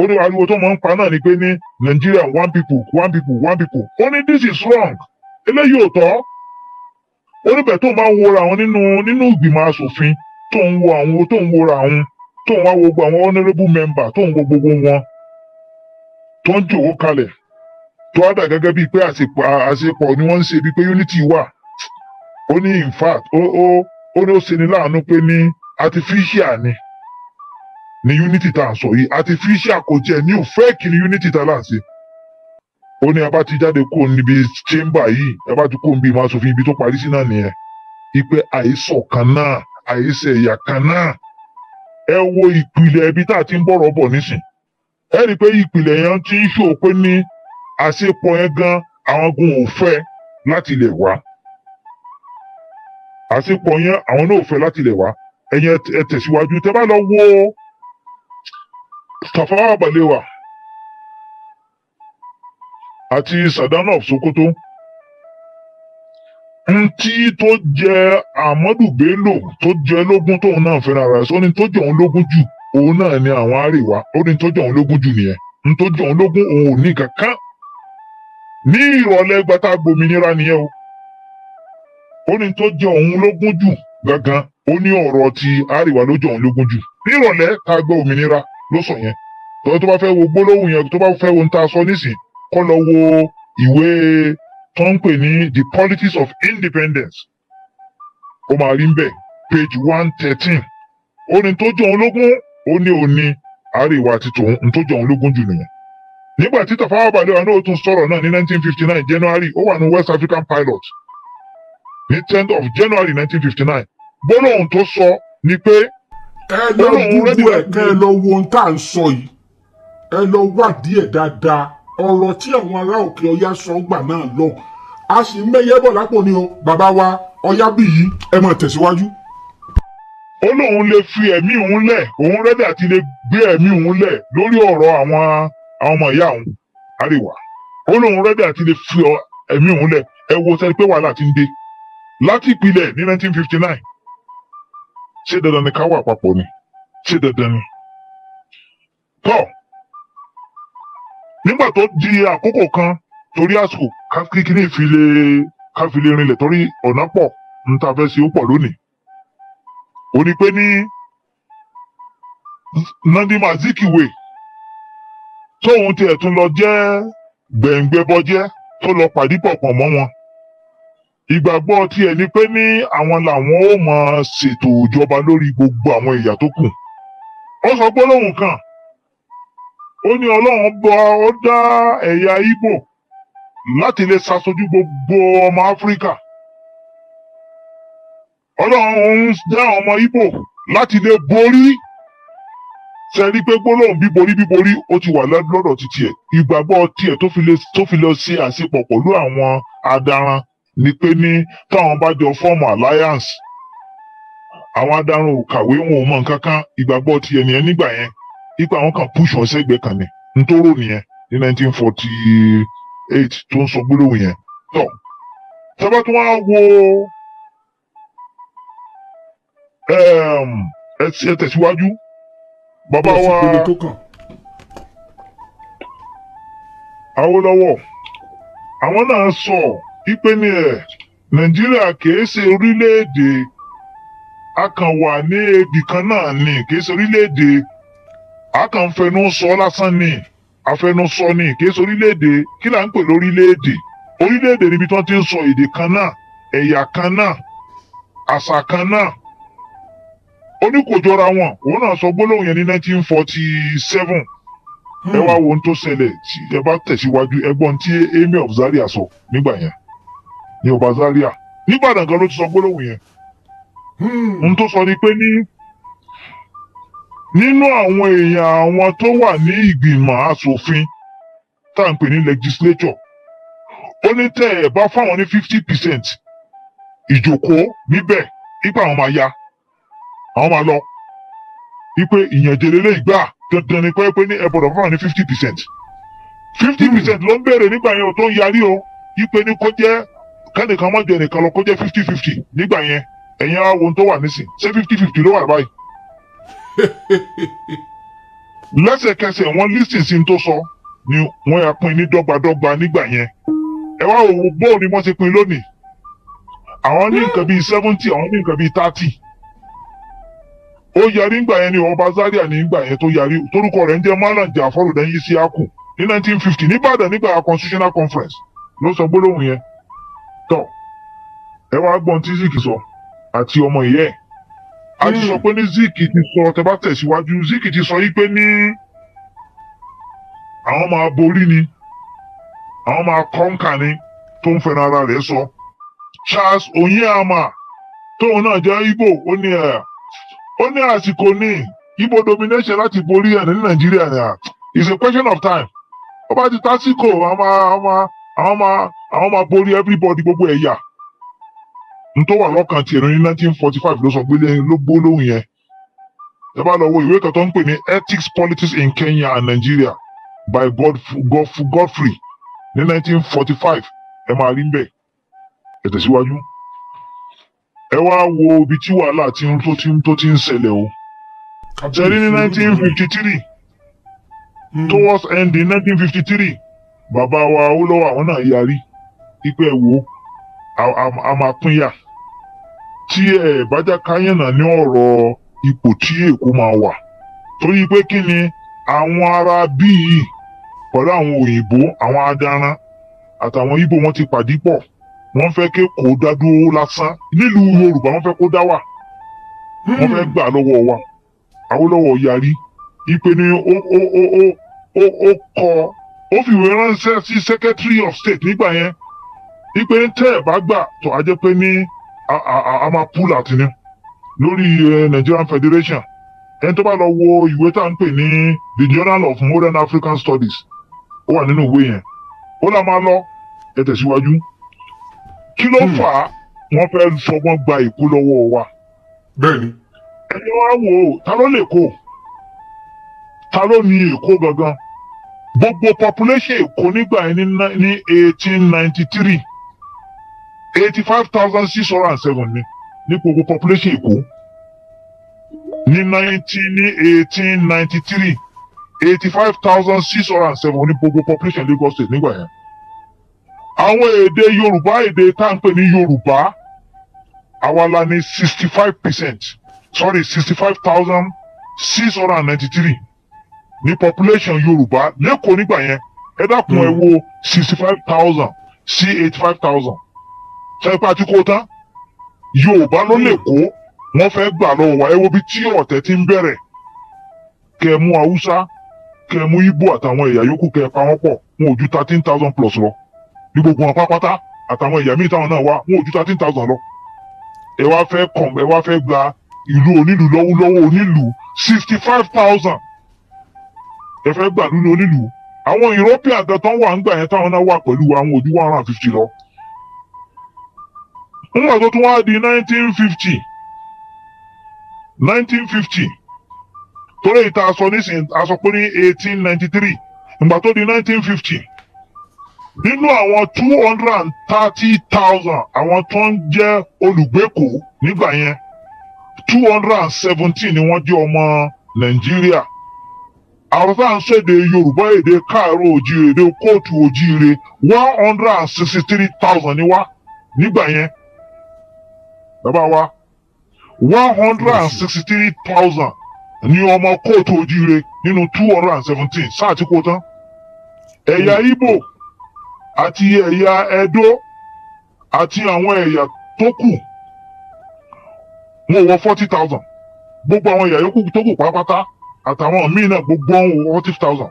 ó ní ariwo tó máa ń pa náà ni pé ní nàìjíríà one people one people one people ó ní this is wrong eléyìí ò tọ́ ó níbẹ̀ tó máa ń wora àwọn nínú nínú ìgbìmọ̀ asòfin tó ń wo àwọn tó ń wora àwọn tó ń wá gbogbo àwọn honourable member tó ń wo gbogbo wọn tó ń jòwó kalẹ̀ tó á dà gẹ́gẹ́ bíi pé àṣepọ̀ ni wọ́n ń ṣe bíi pé unity wà ó ní in fact ó ó ó ní ó ṣe ni láàánú pé ní artificial ni ni unity tá à ń sọ yìí artificial kò jẹ́ ní òfẹ́ẹ̀kì ni unity tá a ń ṣe ó ní ẹ bá ti jáde kó níbi chamber yìí ẹ bá ti kó níbi ìmọ̀ asòfin ibi tó parí sí náà nìyẹn ipe àìsàn kan náà àìsàn ẹ̀yà kan náà ẹ wo ìpìlẹ̀ ibi tá a ti ń bọ̀rọ̀ bọ̀ nísìn ẹ rí i pé ìpìlẹ̀ yẹn ti ń ṣò pé ní àṣepọ̀ yẹn gan àwọn gun ò fẹ́ láti lè wá àṣepọ̀ yẹn àwọn náà ò fẹ́ láti lè wá ẹ̀yẹn ẹ tẹ̀síwájú tẹ bá lọ wo Tafawa Balewa. àti sadana Sokoto ntí tó jẹ Ahmadu Bello tó jẹ lógún tóun náà fẹ́ràn ara sọ ni tó jẹ òun lógún jù òun náà ni àwọn àríwá ó ní tó jẹ òun lógún jù nìyẹn ní ohun jẹ òun lógún òun ò ní kankan ní ìrọ̀lẹ́ gbòmìnira nìyẹn o ó ní tó jẹ òun lógún jù gangan ó ní ti àríwá ló jẹ òun lógún jù ní ìrọ̀lẹ́ tá gbọ́ òmìnira ló sọ yẹn tó bá fẹ́ wo gbólóhùn kọ́ lọ wo ìwé tó ń pè ní the politics of independence ó máa rí ń page one thirteen ó ní tó jọ ológun ó ní òní àríwá àti tòun ní tó jọ ológun jù nìyẹn nígbà tí Tafawa Balewa náà tún sọ̀rọ̀ náà ní 1959 January ó wà ní West African Pilot ní tenth of January nineteen 1959 gbólóhùn tó sọ ni pé. ẹ lọ gbogbo ẹ kẹ ẹ lọ wo ohun tá à ń sọ yìí ẹ lọ wádìí ẹ dáadáa ọ̀rọ̀ tí àwọn ará òkè ọya sọ gbà náà lọ a sì ń mẹ́yẹ́ bọ̀ lápò ni o bàbá wa Ọ̀yábíyì ẹ máa tẹ̀síwájú. ó lóun lè fi ẹ̀mí òun lẹ̀ òun rẹ́dà ti lè gbé ẹ̀mí òun lẹ̀ lórí ọ̀rọ̀ àwọn ọmọ ìyá òun àríwá ó lóun rẹ́dà ti lè fi ẹ̀mí òun lẹ̀ ẹ wo sẹ́ni pé wàhálà ti ń dé láti ìpìlẹ̀ ní 1959 ṣé dandan ni ká wà papọ̀ ni ṣé dandan ni. tọ́ nígbà tó di àkókò kan torí àsìkò kíkiri ìfilé káfílé rinlẹ̀ torí ọ̀nà pọ̀ ń ta fẹ́ sí ó pọ̀ lónìí ó ní pé ní Nadeem Azikiwe tóun tiẹ̀ tún lọ jẹ́ gbẹ̀ngbẹ̀bọjẹ́ tó lọ pàdé pọ̀pọ̀ mọ́ wọn ìgbàgbọ́ tiẹ̀ ni pé ní àwọn làwọn ó máa ṣètò ìjọba lórí gbogbo àwọn ìyà tó kù ó sọ gbólóhùn kan ó ní ọlọ́run bọ ó dá ẹ̀yà Ìgbò láti lè ṣàṣojú gbogbo ọmọ áfíríkà ọlọ́run ń dá ọmọ Ìgbò láti lè borí sẹ́ni pé gbólóhùn bíborí bíborí ó ti wà lọ́dọ̀ títí ẹ̀ ìgbàgbọ́ tiẹ̀ tó fi lọ sí àṣepọ̀ pẹ̀lú àwọn adaran ni pé ní táwọn bá jọ fọ́ọ̀mù alliance àwọn adaran ò kàwé wọn ò mọ nǹkan kan ìgbàgbọ́ tiẹ̀ nìyẹn nígbà yẹn ipa àwọn kan push wọn sẹ́gbẹ́ kan ni ntòrò nìyẹn ní nineteen forty eight tó ń sọ gbólóhùn yẹn tọ sábà tó wá wo ẹ tẹ̀síwájú bàbá wa Awólọ́wọ̀ àwọn náà sọ ipe ní ẹ Nàìjíríà kìí ṣe orílẹ̀-èdè a kàn wà ní ibì kan náà ni kìí ṣe orílẹ̀ a kàn fẹnu sọ lásán ni àfẹnusọ ni kìí ṣe orílẹ̀-èdè kí là ń pè lórílẹ̀-èdè orílẹ̀-èdè níbi tí wọ́n ti ń sọ èdè kan náà ẹ̀yà kan náà àṣà kan náà oníkòjọra wọn òun náà sọ gbólóhùn yẹn ní nineteen forty seven hmm. ẹ wá wo ohun tó ṣẹlẹ̀ tí ẹ bá tẹ̀síwájú ẹgbọ́n tí emir of Zaria sọ nígbà yẹn ní ọba Zaria nígbàdàn kan ló ti sọ gbólóhùn yẹn hmm. ohun tó sọ ni pé ní nínú àwọn èèyàn àwọn tó wà ní ìgbìmọ̀ asòfin tá à ń pè ní legislature ó ní tẹ́ ẹ̀ bá fáwọn ní fifty percent ìjókòó níbẹ̀ ipa àwọn máa ya àwọn máa lọ wípé ìyànjẹlélẹ́ ìgbà dandan ni pẹ́ẹ́pẹ́ ní ẹ̀bọ̀dọ̀ fáwọn ní fifty percent fifty hmm. percent ló ń béèrè nígbà yẹn ò tó ń yarí o wípé ní kó jẹ́ kánìkan mọ́jọ nìkan lọ kó jẹ́ fifty fifty nígbà yẹn ẹ̀yin àwọn ohun tó wà nísìn ṣé fifty fifty ló wà báyìí. lẹ́sẹ̀kẹsẹ̀ wọ́n lísìn sí tó sọ ni wọ́n yà pín ní dọ́gbadọ́gba nígbà yẹn ẹ wá òwò bóò ni wọ́n ti pín lónìí àwọn ní nǹkan bíi seventy àwọn ní nǹkan bíi thirty ó yarí ngbà yẹn ni ọba Zaria ní ngbà yẹn tó yarí torúkọ rẹ̀ ń jẹ́ Malam Jafaru dẹ́yìn Isiaku ní nineteen fifty ní Ìbàdàn nígbà constitutional conference ló sọ gbólóhùn yẹn tọ ẹ wá gbọ́n tí Zik sọ àti ọmọ ìyá ẹ̀ a ti hmm. sọ pé ní Zik ti sọ tẹ bá tẹ̀síwájú Zik ti sọ yìí pé ní àwọn máa borí ni àwọn máa kọ́ńkà ni tó ń fẹ́ràn ara rẹ̀ sọ Charles Onyeama tóun náà jẹ́ Igbo ó ní ẹ̀ ó ní àsìkò ní Igbo domination láti borí ẹ̀ ní Nàìjíríà ni à it's a question of time ó bá ti tásìkò àwọn máa àwọn máa àwọn máa borí everybody gbogbo ẹ̀yà. E n tó wà lọ́kàn tiẹ̀ ní nineteen forty five ló sọ pé ló gbó lóhùn yẹn ẹ bá lọ wo ìwé kan tó ń pè ní ethics politics in Kenya and Nigeria by Godfrey ní nineteen forty five ẹ máa rí bẹ́ẹ̀ ẹ tẹ̀síwájú ẹ wá wo ibi tí wàhálà tí ń tó ti ń tó ti ń ṣẹlẹ̀ o àtẹ̀rí ní nineteen hmm. towards end in nineteen fifty bàbá wa ó lọ́wọ́ àwọn náà yarí pípẹ́ wo a máa pínyà. tí ẹ bá já káyànnà ní ti ipò tí Èkó máa wà torí pé kí ni àwọn ará bíi pẹ̀lú àwọn òyìnbó àwọn adaran àtàwọn Ìgbò wọn ti pàdé pọ̀ wọ́n fẹ́ kí kò dá dúró lásán nílùú Yorùbá wọ́n fẹ́ kó dá wà wọ́n fẹ́ gbà lọ́wọ́ wa Awólọ́wọ̀ yarí ipe ni ó ó ó ó ó ó kọ ó fìwé sí Secretary of State nígbà yẹn ipe tẹ́ ẹ̀ bá gbà tó a pé ní. a máa pull out ni lórí eh, Nigerian Federation ẹni tó bá lọ wo ìwé tá à pè ní the Journal of Modern African Studies ó wà nínú ìwé yẹn ó là máa lọ ẹ tẹ̀síwájú kí ló hmm. fà á wọ́n fẹ́ fọgbọ́n gba èkó lọ́wọ́ wa. bẹ́ẹ̀ni. ẹni wá wò ó ta ló lè kó ta ló ní èkó gangan gbogbo population èkó nígbà yẹn ní eighteen ninety three eighty five thousand six hundred and seven ni ní gbogbo population èkó ní nineteen ní eighteen ninety three eighty five thousand six hundred and seven ní gbogbo population Lagos state nígbà yẹn àwọn èdè Yorùbá èdè tá à ń pè ní Yorùbá àwa ní sixty five percent sorry sixty five thousand six hundred ninety three ní population Yorùbá lẹ́kọ̀ọ́ nígbà yẹn ẹ dákun ẹ hmm. wo sixty five thousand sí eighty five thousand ṣẹ́pẹ́ àti kó tán yorùbá ló lè kó wọ́n fẹ́ gbà lọ́wọ́ wa ẹ wo bí tí ọ̀tẹ̀ ti ń bẹ̀rẹ̀ kẹ́ mú haúsá kẹ́ mú ìgbò àtàwọn ẹ̀yà yòókù kẹ́ pa wọ́n pọ̀ wọn ò ju thirteen thousand plus lọ ní gbogbo wọn pátápátá àtàwọn ẹ̀yà míì táwọn náà wá wọn ò ju thirteen thousand lọ ẹ wá fẹ́ kàn ẹ wá fẹ́ gba ìlú onílù lọ́wọ́lọ́wọ́ onílù sixty five thousand ẹ fẹ́ gbà lórí onílù àwọn european dantan wà ń gbà yẹn táwọn náà wà pẹ̀lú àwọn ojú one hundred and fifty lọ nígbà tó tún wá di 1950, 1950. nineteen fifty torí ìta aṣọ nísìnyí aṣọ pé ní eighteen ìgbà tó di 1950. fifty nínú àwọn two hundred and thirty thousand àwọn tó ń jẹ́ olùgbéko nígbà yẹn two ni wọ́n jẹ́ ọmọ nàìjíríà àrùtà ń ṣèdè yorùbá èdè káàárọ̀ òjì èdè kóòtù òjì ire one ni wá nígbà yẹn bàbá one hundred and sixty three thousand ní ọmọ kóòtù òjíire nínú two hundred and seventeen sáà tí kò tán ẹ̀yà Ìgbò àti ẹ̀yà Ẹdó àti àwọn ẹ̀yà tó kù wọn wọ forty thousand gbogbo àwọn ẹ̀yà yòókù tó kù pátápátá àtàwọn míì náà gbogbo wọn wọ forty thousand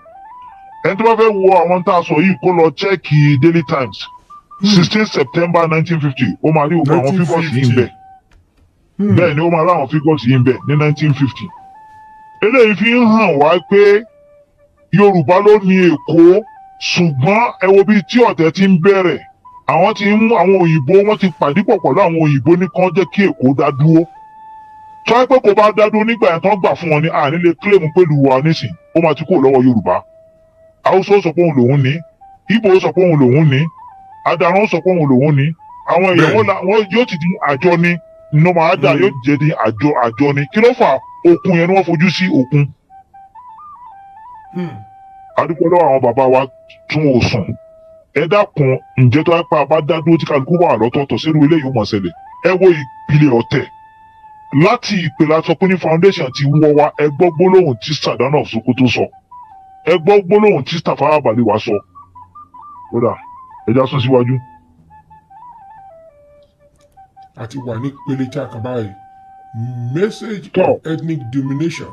ẹni tó bá fẹ́ wo àwọn tá a sọ yìí kó lọ chẹ́ẹ̀kì Daily Times sixteen September nineteen fifty ó máa rí gbogbo àwọn fífọ́ọ̀sì yìí bẹ́ẹ̀. Hmm. bẹ́ẹ̀ ni ó máa ráwọn figures yìí ń bẹ̀ ní 1950 eléyìí fi ń hàn wá pé Yorùbá ló ní Èkó ṣùgbọ́n ẹ wo bíi tí ọ̀tẹ̀ ti ń bẹ̀rẹ̀ àwọn ti ń àwọn òyìnbó wọ́n ti pàdé pọ̀ pẹ̀lú àwọn òyìnbó ní kán jẹ́ kí Èkó dá dúró tó ẹ pé kò bá dá dúró nígbà yẹn tán gbà fún wọn ni àní lè claim pẹ̀lú wa nísìn ó máa ti kó lọ́wọ́ Yorùbá Haúsá sọ pé òun lòun ní Ìgbò sọ pé òun lòun ní Adarán sọ pé òun lòun ní àwọn èèyàn wọn yóò ti di àjọ ni ló máa dà hmm. yóò jẹ́ ní àjọ àjọ ni kí ló fà okun yẹn ni wọ́n fojú sí okun. Hmm. adúpẹ́ lọ́wọ́ àwọn bàbá wa tún ò sùn ẹ dákun ǹjẹ́ tó apá bá dá dúró tí kálukú wà lọ́tọ̀ọ̀tọ̀ sínú ilé yìí mọ̀ ṣẹlẹ̀ ẹ wo ìpìlẹ̀ ọ̀tẹ̀ láti ìpìlẹ̀ atọ́kùn ní foundation ti wọ́ wa ẹ gbọ́ gbólóhùn tí sàdánà òsùnkú tó sọ ẹ gbọ́ gbólóhùn tí Tafawa Balewa sọ kódà ẹ já sún síwájú àti wà ní pele tí a kà báyìí message Tọ́. of ethnic domination.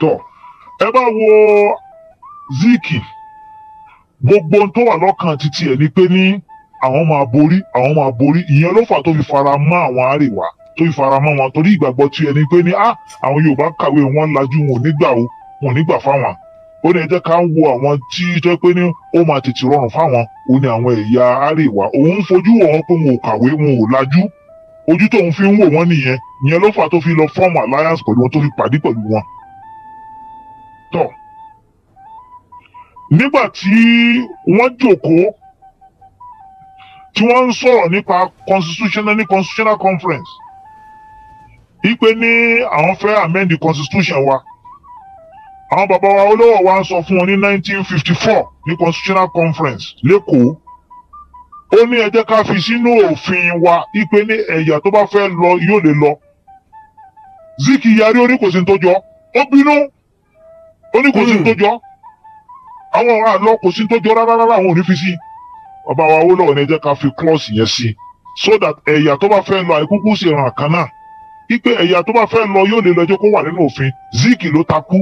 tọ́ ẹ bá wo Zik gbogbo ohun tó wà lọ́kàn títí ẹ̀ ni pé ní àwọn máa borí àwọn máa borí ìyẹn ló fà tó fi fara mọ́ àwọn àríwá tó fi fara mọ́ wọn torí ìgbàgbọ́ tí ẹni pé ní ah àwọn Yorùbá kàwé wọn lajú wọn ò ní gbà o wọn ò ní gbà fáwọn ó ní ẹ ká ń wo àwọn tí jẹ́ pé ní ó máa tètè rọrùn fáwọn ó ní àwọn ẹ̀yà àríwá òun fojú wọn pé wọn ò kàwé wọn ò lajú ojú tóun fi ń wò wọ́n nìyẹn ìyẹn ló fà tó fi lọ fọ́ọ̀mù alliance pẹ̀lú wọn tó fi pàdé pẹ̀lú wọn. tọ́ nígbà tí wọ́n jókòó tí wọ́n ń sọ̀rọ̀ nípa constitutional ní constitutional conference ipe ní àwọn fẹ́ amend the constitution wa àwọn bàbá wa olówó wa ń sọ fún wọn ní 1954 ní constitutional conference lẹ́kọ̀ọ́ ó ní ẹ jẹ́ ká fi sínú òfin wa ipe ní ẹ̀yà tó bá fẹ́ lọ yóò lè lọ Zik yarí orí kò sí tó jọ ó bínú ó ní kò sí tó hmm. jọ àwọn ọ̀rọ̀ àlọ́ kò sí tó jọ rárá rárá àwọn ò ní fi sí bàbá wa olówó ni ẹ jẹ́ ká fi klọ́ọ̀sì yẹn sí so that ẹ̀yà tó bá fẹ́ lọ àìkúkú sì ràn kánà ipe ẹ̀yà tó bá fẹ́ lọ yóò lè lọ ẹjọ́ kó wà nínú òfin Zik ló takú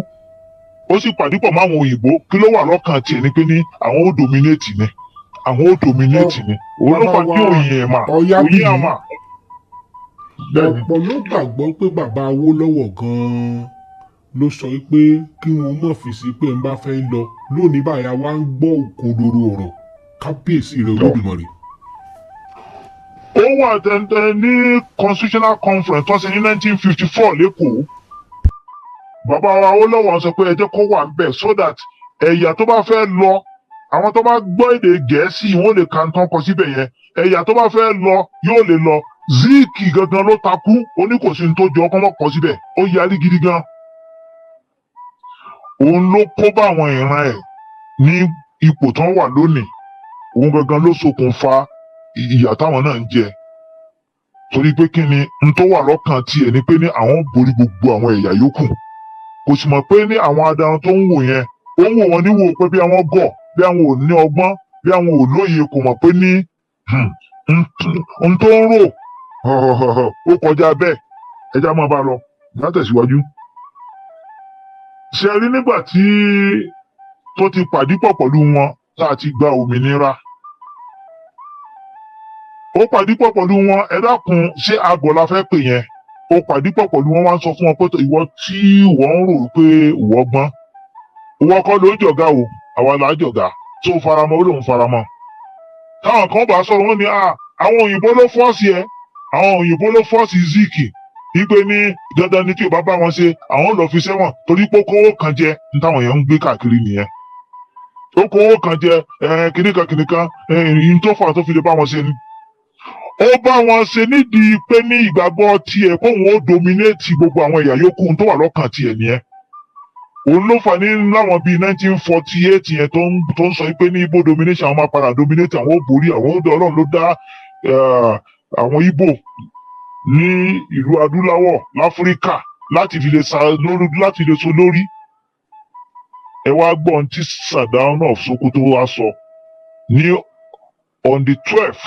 ó sì pàdé pọ̀ máwọn òyìnbó kí ló wà lọ́kàn tiẹ̀ ni pé ní àwọn ó dominate ni àwọn ó dominate ni òun ló fà ní òyìn ẹ̀ mà òyìn àmà. ọ̀pọ̀ ló gbàgbọ́ pé bàbá Awólọ́wọ̀ gan-an ló sọ pé kí wọn mọ̀ fi sí pé n bá fẹ́ lọ lónìí báyà wá ń gbọ́ òkodoro ọ̀rọ̀ kábíyèsí rẹ̀ Olódùmarè. ó wà tẹ̀tẹ̀ ní constitutional conference tó ṣe ní 1954 lẹ́kọ̀ọ́ bàbá wa ó lọ́wọ́ sọ pé ẹ jẹ́ kó wà níbẹ̀ so that ẹ̀yà tó bá fẹ́ lọ àwọn tó bá gbọ́ èdè gẹ̀ẹ́sì wọn lè ka nǹkan kọ síbẹ̀ yẹn ẹ̀yà tó bá fẹ́ lọ yóò lè lọ ziki gangan ló takú oníkòsí tó jọ ọkọ mọ́kọ síbẹ̀ ó yarí gidi gan òun ló kó bá àwọn ìran ẹ̀ ní ipò tán wà lónìí òun gangan ló ṣokùnfà ìyà táwọn náà ń jẹ torí pé kí ni n tó wà lọ́kàn tiẹ̀ ni pé ní àwọn borí gbogbo àwọn ẹ̀yà yòókù kò sì mọ̀ pé ní àwọn adarun tó ń wò yẹn ó ń wò wọ́n níwò pé bí àwọn gọ̀ bí àwọn ò ní ọgbọ́n bí àwọn ò lóye kò mọ̀ pé ní hmm, n tó ń rò ó kọjá bẹ́ẹ̀ ẹja máa bá lọ látẹ̀síwájú. ṣe rí nígbà tí tó ti pàdé pọ̀ pẹ̀lú wọn tá a ti gba òmìnira ó pàdé pọ̀ pẹ̀lú wọn ẹ dákun ṣé agọ̀ la fẹ́ pè yẹn ó pàdé pọ̀ pẹ̀lú wọn wá sọ fún wọn pé ìwọ tí ìwọ rò pé ìwọ gbọ́n ìwọ kọ́ ló jọ̀gá o àwa là á jọ̀gá tó faramọ́ ó lòun faramọ́ táwọn kan bá sọ̀rọ̀ wọn ni àwọn òyìnbó ló fọ́ọ̀sì ẹ àwọn òyìnbó ló fọ́ọ̀sì ziki wípé ní dandan ni tí o bá bá wọn ṣe àwọn lọ fi sẹ́wọ̀n torí pé kówó kan jẹ ní táwọn yẹn ń gbé káàkiri nìyẹn ó kan jẹ kìnìkan kìnìkan ìyìn tó fà tó fi lè bá wọn ṣe ni ó bá wọn ṣe nídìí pé ní ìgbàgbọ́ tiẹ̀ kóun ó dominate gbogbo àwọn ẹ̀yà yòókù tó wà lọ́kàn tiẹ̀ nìyẹn òun ló fà ní láwọn bíi nineteen forty eight yẹn tó ń tó ń sọ pé ní Igbo domination àwọn máa padà dominate àwọn ó borí àwọn ó dé ló dá eh, àwọn Igbo ní ìlú adúláwọ̀ láfíríkà láti fi lè sa lórí láti lè so lórí ẹ wá gbọ́ ohun tí Sàdáúnà of Sokoto wá sọ ní on the twelfth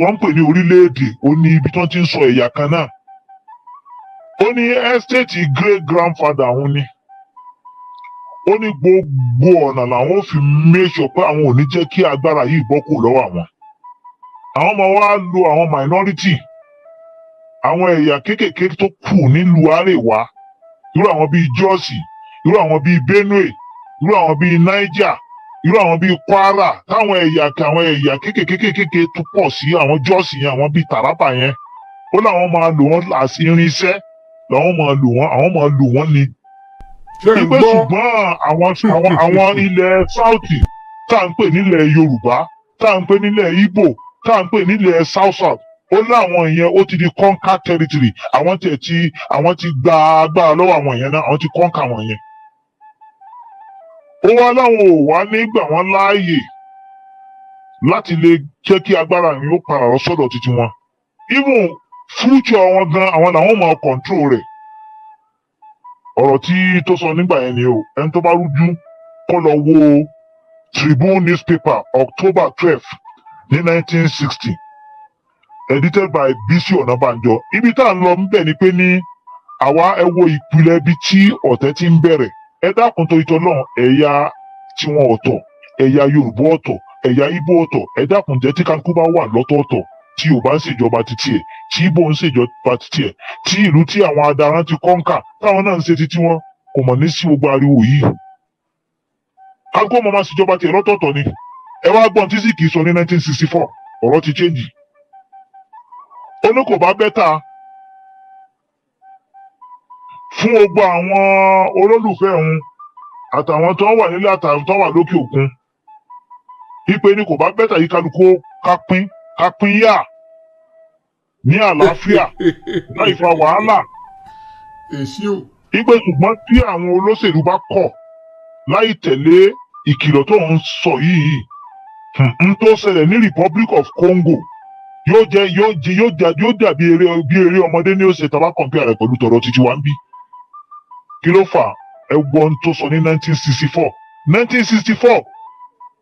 wọ́n ń pè ní orílẹ̀-èdè ó ní ibi tí wọ́n ti ń sọ ẹ̀yà kan náà ó ní estate great grandfather òun ni ó ní gbogbo ọ̀nà làwọn fi mẹ́sọ̀ pé àwọn ò ní jẹ́ kí agbára yìí bọ́ kù lọ́wọ́ àwọn àwọn máa wá lo àwọn minority àwọn ẹ̀yà kéékèèké tó kù nílùú àríwá irú àwọn bíi jọ́ọ̀sì irú àwọn bíi benue irú àwọn bíi niger irú àwọn bíi Kwara táwọn ẹ̀yà àwọn ẹ̀yà kékèkékèké tún pọ̀ sí àwọn jọ́ọ̀sì yẹn àwọn bíi Taraba yẹn ó láwọn máa lò wọ́n láti irinṣẹ́ làwọn máa lò wọ́n àwọn máa lò wọ́n ni. ìgbẹ́ ṣùgbọ́n àwọn àwọn ilẹ̀ South tá à ń pè nílẹ̀ Yorùbá tá à ń pè nílẹ̀ Igbo tá à ń pè nílẹ̀ South South ó láwọn yẹn ó ti di conquer territory àwọn tiẹ̀ ti àwọn ti gba agbára lọ́wọ́ àwọn yẹn náà àwọn ti conquer àwọn yẹn ó wá láwọn ò wá ní gbà wọ́n láàyè láti lè jẹ́ kí agbára yìí ó padà lọ sọ́dọ̀ títí wọn even future wọn gan àwọn làwọn máa control rẹ̀ ọ̀rọ̀ tí tó sọ nígbà yẹn ni o ẹni tó bá rújú kó lọ wo Tribune newspaper October twelve ní nineteen sixty edited by Bisi Ọ̀nàbànjọ ibi tá à ń lọ ń bẹ̀ ni pé ní àwa ẹ wo ìpìlẹ̀ ibi tí ọ̀tẹ̀ ti ń bẹ̀rẹ̀ ẹ dákun torí tọ́ náà ẹ̀yà tiwọn ọ̀tọ̀ ẹ̀yà Yorùbá ọ̀tọ̀ ẹ̀yà Ìgbò ọ̀tọ̀ ẹ dákun jẹ́ tí kálukú bá wà lọ́tọ̀ọ̀tọ̀ tí Yorùbá ń ṣèjọba títí ẹ̀ tí Ìgbò ń ṣèjọba títí ẹ̀ tí ìlú tí àwọn adarán ti kọ́ńkà táwọn náà ń ṣe títí wọn kò mọ̀ ní sí gbogbo ariwo yìí kálukú ọmọ máa ṣèjọba tiẹ̀ lọ́tọ̀ọ̀tọ̀ ni ẹ wá gbọ́n tí sì kì í sọ ní 1964 ọ̀rọ̀ ti change ó ní kò bá bẹ́tà fún gbogbo àwọn olólùfẹ́ òun àtàwọn tó wà nílé àtàwọn tó wà lókè òkun ipe ni kò bá bẹ́tà yí kálukú ká pín ká pín yà ní àlàáfíà láì fa wàhálà ipe ṣùgbọ́n tí àwọn olóṣèlú bá kọ̀ láì tẹ̀lé ìkìlọ̀ tó ń sọ yìí hmm, n tó ṣẹlẹ̀ ní Republic of Congo yóò jẹ yóò jẹ yóò dàbí eré ọmọdé ní ó ṣe tá a bá compare rẹ̀ pẹ̀lú tọ̀rọ̀ títí wa ń bí kí ló fà ẹ wọ ohun tó sọ ní 1964 1964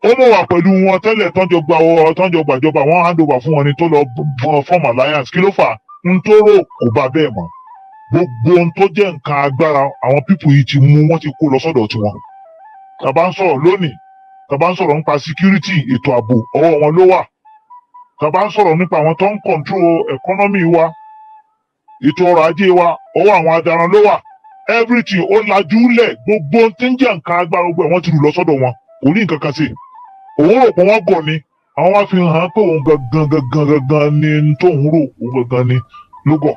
ó mọ̀ wà pẹ̀lú wọn tẹ́lẹ̀ tọ́jọ́ gba ọ tọ́jọ́ gbàjọba wọn hand over fún wọn ni tó lọ form alliance kí ló fà ń tó rò kò bá bẹ́ẹ̀ mọ́ gbogbo ohun tó jẹ́ nǹkan agbára àwọn pípù yìí ti mú wọ́n ti kó lọ sọ́dọ̀ tiwọn tàbá ń sọ̀rọ̀ lónìí tàbá ń sọ̀rọ̀ nípa security ètò ààbò ọwọ́ wọn ló wà tàbá ń sọ̀rọ̀ nípa àwọn tó ń control economy wa ètò ọrọ̀ ajé wa ọwọ́ àwọn adaran ló wà everything ó lajú lẹ̀ gbogbo tí ń jẹ́ nǹkan agbára gbogbo ẹ̀ wọ́n ti rù lọ sọ́dọ̀ wọn kò ní nǹkan kan sí òun rò pé wọ́n gọ̀ ni àwọn wá fi hàn pé òun gangan gangan gangan ni tóun rò òun gangan ni ló gọ̀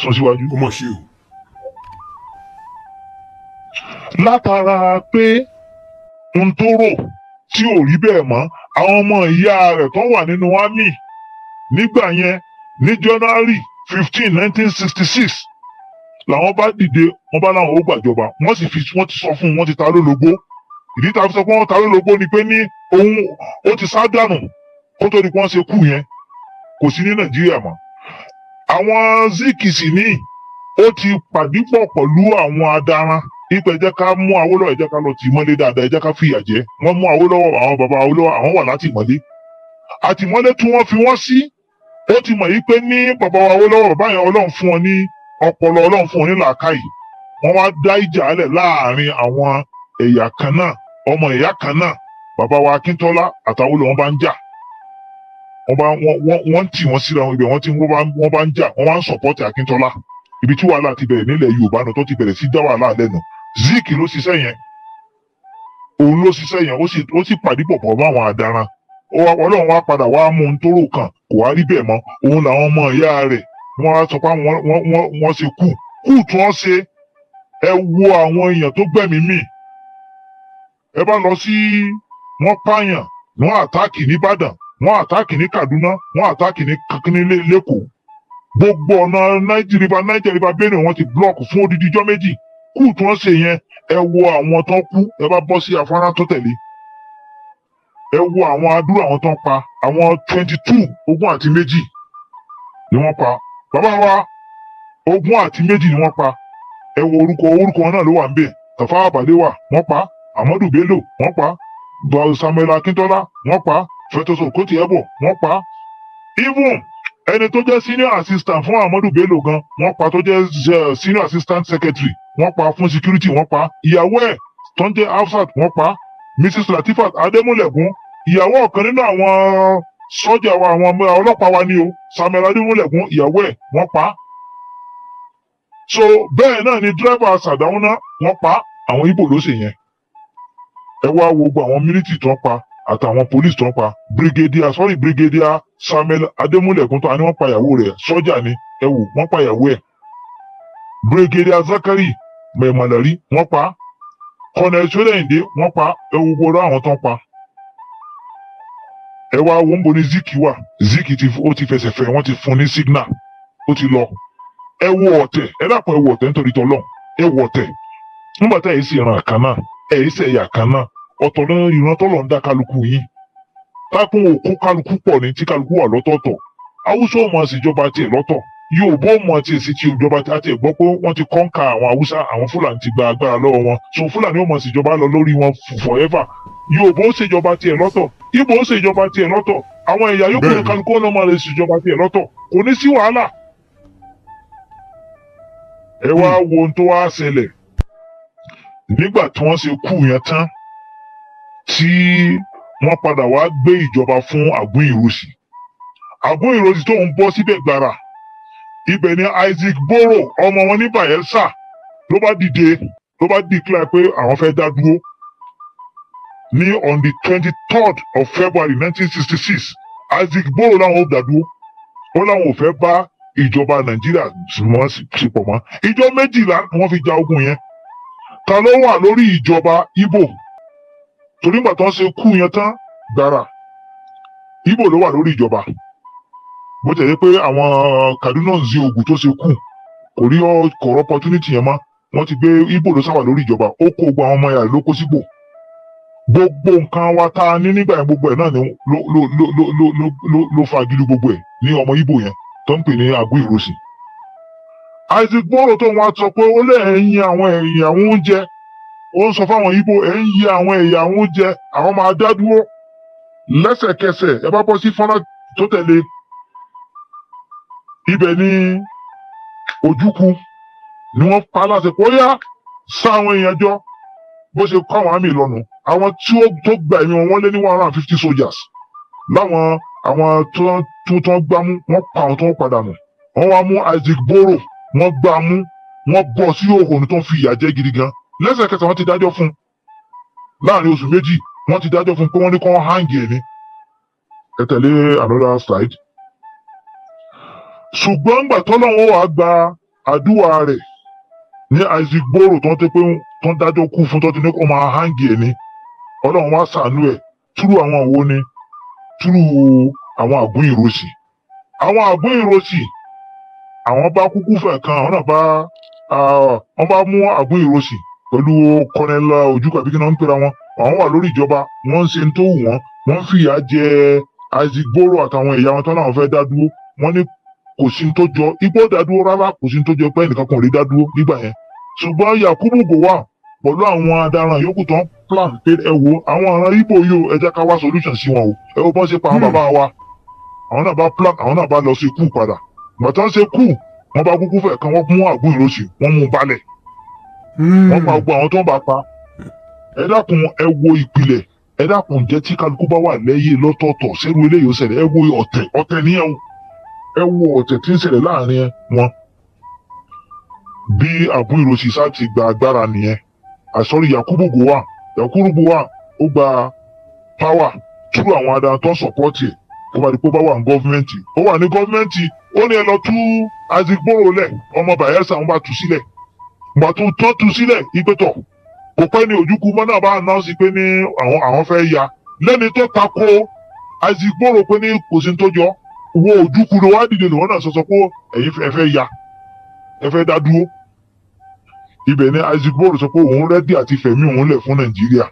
sọ síwájú. ó mà ṣe o. látara pé n tó rò tí ò rí bẹ́ẹ̀ mọ́ àwọn ọmọ ìyá rẹ̀ tó wà nínú ámì nígbà yẹn ní January fifteen nineteen sixty six làwọn bá dìde wọn bá láwọn ó gbàjọba wọn sì fi wọn ti sọ fún un wọn ti ta lólobó ìdí tá a fi sọ pé wọn ta lólobó ni pé ní òun ó ti sá dànù kó tó di pé wọn ṣe kú yẹn kò sí ní nàìjíríà mọ́ àwọn zik sì ní ó ti pàdípọ̀ pẹ̀lú àwọn adaran ipò ẹ jẹ́ ká mú Awólọ́wọ̀ ẹ jẹ́ ká lọ tì mọ́lé dáadáa ẹ jẹ́ ká fìyà jẹ wọ́n mú Awólọ́wọ̀ àwọn baba Awólọ́wọ̀ àwọn wà látìmọ́lé àtìmọ́lé tí wọ́n fi wọ́n sí ó ti mọ̀ yìí pé ní baba Awólọ́wọ̀ báyẹn Ọlọ́run fún wọn ní ọpọlọ ọlọ́run fún onílàákàyè wọ́n wá dá ìjà alẹ̀ láàrin àwọn ẹ̀yà kan náà ọmọ ìyá kan náà bàbá wa akíntọ́lá àtàwọn olè wọn bá ń jà wọ́n bá wọ́n tì wọ́n síra wọn ibẹ̀ wọ́n ti wọ́n bá ń jà wọ́n bá ń sọ̀pọ́tì akíntọ́lá ibi tí wàhálà ti bẹ̀rẹ̀ nílẹ̀ yorùbá náà tó ti bẹ̀rẹ̀ sí dá wàhálà lẹ́nu zik ló ṣiṣẹ́ yẹn òun ló ṣiṣẹ́ yẹn ó sì pàdé pọ̀pọ̀ mọ́ àwọn àdaràn ọlọ́run wá padà wá mú un tóró kan kò wá rí bẹ́ẹ̀ mọ́ òun làwọn ọmọ ìyá rẹ̀ wọ́n á sọ pé wọ́n wọ́n wọ́n ṣe kú kú tí wọ́n ṣe ẹ wo àwọn èèyàn tó gbẹ̀mí mì ẹ bá lọ sí wọ́n pààyàn wọ́n àtáàkì nìbàdàn wọ́n àtáàkì ní kaduna wọ́n àtáàkì ní kankan lẹ́kọ̀ọ́ gbogbo ọ̀nà nàìjíríà nàìjíríà bẹ́ẹ̀ wọ́n ti blọọkù fún odidi ijọ́ méjì kú tí wọ́n ṣe yẹn ẹ wo àwọn tó ń kú ẹ bá bọ́ sí afárá tó tẹ̀lé ẹ wo àwọn adúrú àwọn tó ń pa àwọn twenty two ogún àti méjì ni wọ́n pa bàbá wa ogún àti méjì ni wọ́n pa ẹ wo orúkọ orúkọ náà ló wà ń bẹ̀ tàfà àbàdé wà wọ́n pa amadu bello wọ́n pa samuel akintola wọ́n pa fẹtọsọ kòtì ẹbọ wọ́n pa even ẹni tó jẹ́ senior assistant fún amadu bello gan wọ́n pa tó jẹ́ eh, senior assistant secretary wọ́n pa fún security wọ́n pa ìyàwó ẹ̀ tó ń jẹ́ hafsat wọ́n pa mrs latifat adémúlẹ̀gún ìyàwó ọ̀kan nínú àwọn sọ́jà wa àwọn ọmọ ọlọ́pàá wa ni o Samuel adémúlẹ̀kún ìyàwó ẹ̀ wọ́n pa á so bẹ́ẹ̀ náà ni dírẹ́bà sàdáúná wọ́n pa àwọn ibo ló ṣe yẹn ẹ wá wo gbogbo àwọn mílítì tó ń pa àtàwọn pólísì tó ń pa brigadier sorry brigadier Samuel adémúlẹ̀kún tó a ní wọ́n pa ìyàwó rẹ̀ sọ́jà ni ẹ wò wọ́n pa ìyàwó ẹ̀ brigadier Zakari mẹ̀mọ̀lẹ́rí wọ́n pa kọ́nẹ̀ ṣọ́lẹ̀yìndé wọ́n pa ẹ wo gbogbo àwọn tó ń pa. ẹwà wá wo ni ziki wa ziki ti o ti fẹsẹ̀ wọn ti fún ní signal o ti lọ ẹ wo ọ̀tẹ̀ ẹ dàpọ̀ ẹ wo ọtẹ nítorí tọ́lọ̀ ẹ wo ọ̀tẹ̀ nígbà tá èyí sì ràn kan náà èyí sì ẹ̀yà kan náà náà ìran ń dá kálukú Yorùbá mọ ti èsì ti ìjọba àti ẹ̀gbọ́n pé wọ́n ti kọ́ńkà àwọn Haúsá àwọn Fúlàní ti gba agbára lọ́wọ́ wọn so Fúlàní ò mọ̀ síjọba lọ lórí wọn forever Yorùbá ó ṣèjọba tiẹ̀ lọ́tọ̀ Ìgbò ó ṣèjọba tiẹ̀ lọ́tọ̀ àwọn ẹ̀yà yòókù ní kálukú ọ̀nà máa lè ṣèjọba tiẹ̀ lọ́tọ̀ kò ní sí wàhálà. ẹ wá wo ohun tó wá ṣẹlẹ̀ nígbà tí wọ́n ṣe kú yẹn tán tí wọ́n padà wá gbé ìjọba fún Àgún Ìròsì Àgún Ìròsì tóun bọ́ síbẹ̀ gbàrà ibẹ̀ ni Isaac Boro ọmọ wọn ní Bayelsa ló bá dìde ló bá declare pé àwọn fẹ́ dá dúró ní on the twenty third of February nineteen sixty six Isaac Boro làwọn ò dá dúró ó láwọn ò fẹ́ bá ìjọba Nàìjíríà wọ́n sì pọ̀ mọ́ ìjọ méjìlá wọ́n fi ja ogun yẹn ta ló wà lórí ìjọba Ìgbò torí gbàtàn ṣe kú yẹn tán gbàrà Ìgbò ló wà lórí ìjọba bó tẹ̀lé pé àwọn Kaduna ń zi oògùn tó ṣe kù kò rí ọkọ̀ opportunity yẹn mọ́ wọ́n ti gbé Ìgbò ló sáwà lórí ìjọba ó kó gbogbo àwọn ọmọ ìyá rẹ̀ ló kó sígbò gbogbo nǹkan wa tá a ní nígbà yẹn gbogbo ẹ̀ náà ni ló ló ló ló gbogbo ẹ̀ ní ọmọ Ìgbò yẹn tó ń pè ní agbo ìrosìn. Isaac Boro tó wọn sọ pé ó lè ẹ̀yìn àwọn ẹ̀yìn àwọn oúnjẹ ó ń sọ fáwọn Ìgbò ẹ̀ ń yí àwọn ẹ̀yìn àwọn oúnjẹ àwọn máa dá dúró lẹ́sẹ̀kẹsẹ̀ ẹ bá bọ́ sí fọ́nrán tó tẹ̀lé ibẹ̀ ni ojúkú ni wọ́n pa láti pé ó yá sá àwọn èèyàn jọ bó ṣe kọ́ àwọn àmì ìlọ́nu àwọn tí ó tó gba ẹ̀mí wọn wọ́n lé ní one hundred and fifty soldiers láwọn àwọn tó tó gbámú wọ́n pa àwọn tó ń padà nù wọ́n wá mú Isaac Boro wọ́n gbámú wọ́n bọ́ sí òhòòhùn tó ń fi ìyà jẹ gidi gan lẹ́sẹ̀kẹsẹ̀ wọ́n ti dájọ́ fún un láàrin oṣù méjì wọ́n ti dájọ́ fún un pé wọ́n ní kó hàn gé ni ẹ tẹ̀lé another slide ṣùgbọ́n ńgbà tọ́lọ́run wàá gba àdúrà rẹ̀ ní isaac boro tó ń tẹ́ pé tó ń dájọ́ kú fún tó ní kó máa ẹ̀ ni ọlọ́run wá sànú ẹ̀ túrú àwọn wo ni túrú àwọn àgún ìrosì àwọn àgún ìrosì àwọn bá kúkú fẹ̀ kan àwọn náà bá wọn bá mú àgún ìrosì pẹ̀lú kọ́nẹ́lá ojúkàbí kí wọ́n ń pera wọn àwọn wà lórí ìjọba wọ́n ń ṣe tó wù wọ́n wọ́n fìyà jẹ isaac boro àtàwọn ìyá wọn tó náà fẹ́ dá dúró wọ́n ní kò sí tó jọ igbó dádúró rárá kò sí tó jọ pé ẹnìkan kan ò lè dádúró nígbà yẹn ṣùgbọ́n Yakubu Gowa pẹ̀lú àwọn adaràn yòókù tán plan pé ẹ wo àwọn ará Ìgbò yìí ẹ jẹ́ ká wá solution sí wọn o ẹ wo bọ́n ṣe pa àwọn hmm. bàbá wa àwọn náà bá plan àwọn náà bá lọ sí kú padà gbàtà ṣe kú wọn bá kúkú fẹ̀ kan wọ́n mú àgún ìrọsì wọ́n mú balẹ̀ hmm. wọ́n pa gbogbo àwọn tó ń bá pa ẹ dákun ẹ wo ìpìlẹ̀ ẹ dákun jẹ́ tí kálukú bá wà lẹ́yìn lọ́tọ̀ọ̀tọ̀ sẹ́rù eléyìí ó ṣẹlẹ̀ ẹ wo ọ̀tẹ̀ ọ̀tẹ̀ nìyẹn o ẹ wo ọ̀tẹ̀ tí ń ṣẹlẹ̀ láàrin wọn bí Abu Iroṣiṣa ti gba agbára nìyẹn àsọrí Yakubu Gowa Yakubu Gowa ó gba pàwà tú àwọn adarí tó ń sọ̀pọ́tì ẹ̀ kó bá di pé ó bá wà ní gọ́fíńmẹ́ǹtì ó wà ní gọ́fíńmẹ́ǹtì ó ní ẹ lọ tú azigboro lẹ̀ ọmọ Bayelsa ń bá tú sílẹ̀ gbà tó tán tú sílẹ̀ ìgbẹ́tọ̀ kò pẹ́ ní ojúkú mọ́ náà bá announce pé ní àwọn àwọn fẹ́ ya lẹ́ni tó tako azigboro pé ní kò sí ní tó jọ wọ ojúkúrò wá dìde lọ́wọ́ náà sọsọ pé ẹ̀yin ẹ fẹ́ ya ẹ fẹ́ dá dúró ibẹ̀ ni Isaac Bọ́ọ̀lù sọ pé òun rẹ́dí àti fẹ̀mí òun lẹ̀ fún Nàìjíríà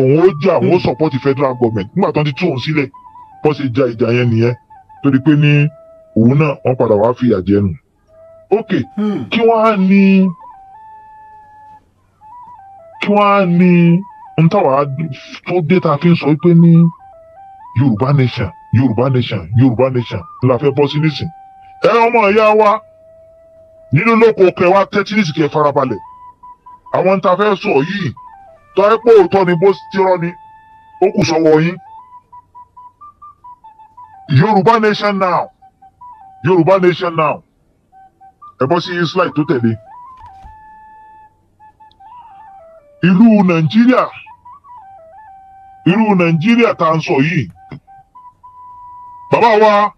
òun ó jà òun ó sọ̀pọ̀tì federal government nígbà tó ń ti tú òun sílẹ̀ bó ṣe ja ìjà yẹn nìyẹn torí pé ní òun náà wọ́n padà wá fi àjẹ nù. ok hmm. kí wọ́n á ní kí wọ́n á ní n táwa tó dé ta fi ń sọ pé ní Yorùbá nation yorùbá nation yorùbá nation la fẹ́ bọ́ sí nísìn ẹ ọmọ ìyá wa nínú lóko kẹ wá tẹ́tí nísìn kẹ farabalẹ̀ àwọn tá a fẹ́ sọ yìí tọ́ ẹ pé òótọ́ ni bó ti rọ́ ni ó kù sọ́wọ́ yín yorùbá nation now yorùbá nation now ẹ bọ́ sí slide tó tẹ̀lé ìlú nàìjíríà ìlú nàìjíríà tá à ń sọ yìí bàbá wa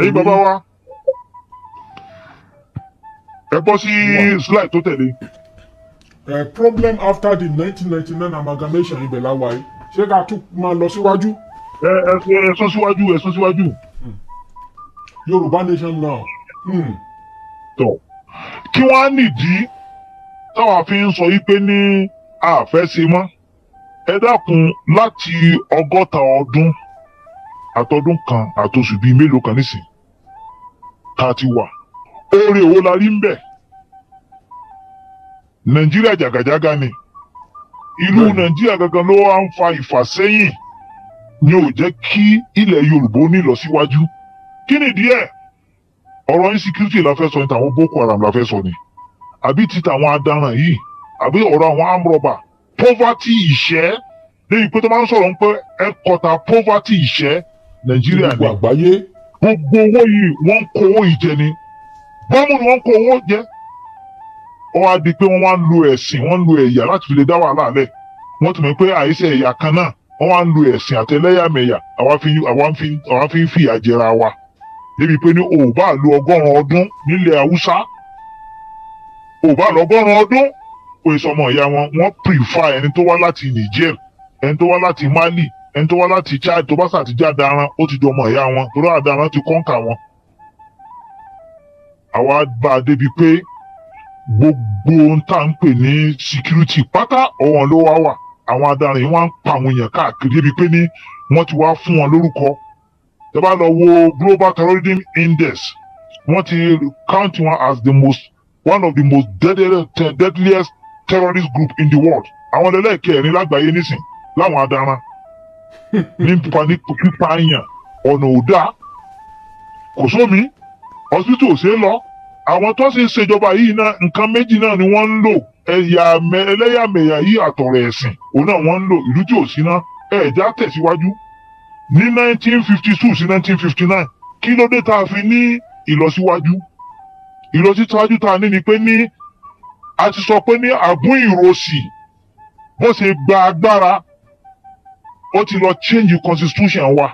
ẹ̀yin bàbá wa ẹ bọ́ sí slide tó tẹ̀lé. Uh, problem after the 1999 amalgamation ibẹ̀ la wáyé ṣé ká tún máa lọ síwájú. ẹ ẹ ẹ sọ síwájú ẹ sọ síwájú. Yorùbá nation now. Hmm. tọ kí wọ́n á nìdí táwa fi ń sọ yí pé ní àfẹ́sẹ̀ mọ́ ẹ dákun láti ọgọ́ta ọdún àtọdún kan àtòṣù bíi mélòó kan nísìn tá a ti wà oore òwò la rí ń bẹ̀ nàìjíríà jàgàjàgà ni ìlú nàìjíríà gangan ló wá ń fa ìfàsẹ́yìn ni ò jẹ́ kí ilẹ̀ yorùbá ní ìlọsíwájú kí ni díẹ̀ ọ̀rọ̀ insecurity la fẹ́ sọ ni tàwọn boko haram la fẹ́ sọ ni àbí ti tàwọn adaràn yìí àbí ọ̀rọ̀ àwọn amrọ̀bà poverty ìṣẹ́ lẹ́yìn pé tó máa ń sọ̀rọ̀ ń pẹ́ ẹ̀kọ́ta poverty ìṣẹ́ nàìjíríà ni gbogbo àgbáyé gbogbo owó yìí wọ́n ń kó owó yìí jẹ ni bámu ni wọ́n ń kó owó jẹ ọ wá di pé wọ́n wá ń lo ẹ̀sìn wọ́n ń lo ẹ̀yà láti fi lè dá wàhálà lẹ̀ wọ́n ti mọ̀ pé àìsí ẹ̀yà kan náà wọ́n wá ń lo ẹ̀sìn àtẹlẹ́yàmẹ̀yà àwa fi ń fìyà jẹra wa débi pé ní òòbá lo ọgọ́rùn-ún ọdún nílẹ̀ haúsá òòbá lo ọgọ́rùn-ún ọdún pé sọmọ ìyá wọn wọ́n prefer ẹni tó wá láti Niger ẹni tó wá láti Mali ẹni tó wá láti Chad tó bá sàtijọ́ àdáran ó ti di ìyá wọn torí àdáran ti kọ́ńkà wọn. àwa bá a débi pé gbogbo ohun tá à ń pè ní security pátá ọ̀wọ́n ló wá wà àwọn adarin yìí wọ́n ń pa àwọn èèyàn káàkiri débi pé ní wọ́n ti wá fún wọn lórúkọ tẹ́ lọ wo global terrorism index wọ́n ti count wọn as the most one of the most deadliest, deadliest terrorist group in the world àwọn ẹlẹ́ẹ̀kẹrin lágbàáyé nísìn láwọn adaran nípa nípa àyàn ọ̀nà ò dáa kò sómi hospital ò ṣe é lọ àwọn tó sì ń ṣèjọba yìí náà nǹkan méjì náà ni wọ́n ń lò ẹ̀yà ẹlẹ́yàmẹ̀yà yìí àtọ̀rọ̀ ẹ̀sìn òun náà wọ́n ń lò ìlú tí ò sí náà ẹ̀ẹ́dá tẹ̀síwájú ní 1952 sí 1959 kí ló dé tá a fi ní ìlọsíwájú ìlọsíwájú tá a ní ni pé ní a ti sọ pé ní àgún ìrosì bó ṣe gba agbára ó ti lọ change constitution wa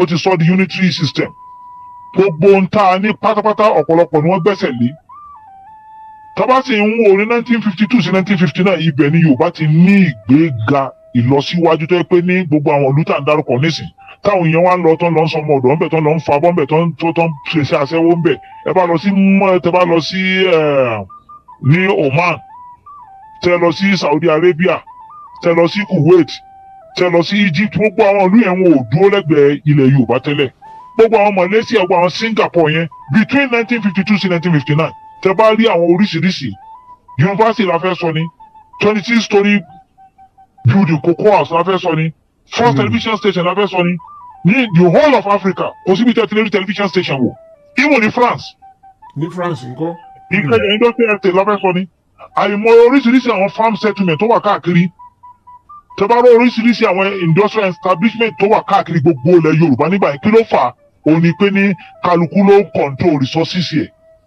ó ti sọ di unitary system gbogbo ohun tá a ní pátápátá ọ̀pọ̀lọpọ̀ ni wọ́n gbẹ́sẹ̀ lé tọ́ba sì ń wo ní 1952 sí 1959 ibẹ̀ ni Yorùbá ti ní ìgbéga ìlọsíwájú tó yẹ pé ní gbogbo àwọn ìlú tá à ń dárúkọ nísìn táwọn èèyàn wá ń lọ tán lọ ń sọ ọmọ ọ̀dọ̀ ńbẹ tán lọ ń fa bọ́ńbẹ tán tó tán ṣèṣe àṣẹwó ńbẹ ẹ bá lọ sí mọ ẹ tẹ bá lọ sí eh, ní Oman tẹ́ lọ sí Saudi Arabia tẹ́ lọ sí Kuwait tẹ́ lọ sí Egypt gbogbo àwọn ìlú yẹn wọn ò dúró lẹ́gbẹ̀ẹ́ ilẹ̀ Yorùbá tẹ́lẹ̀ gbogbo àwọn Malaysia gbogbo àwọn Singapore yẹn between 1952 sí 1959 tẹ́ bá rí àwọn oríṣiríṣi yunifásitì la fẹ́ sọ ni twenty three story building Cocoa House la fẹ́ sọ ni first hmm. television station la fẹ́ sọ ni ní the whole of Africa kò síbi tẹ́ ti rí television station wò even ní France. ní France ńkọ́ nǹkan ẹni tó fẹ́ ẹsẹ̀ lọ́fẹ́ sọ ni àìmọ oríṣiríṣi àwọn farm settlement tó wà káàkiri tẹ bá rọ oríṣiríṣi àwọn industrial establishment tó wà káàkiri gbogbo ilẹ̀ yorùbá nígbà yẹn kí ló fà á ó ní pé ní kálukú ló ń control resources yẹ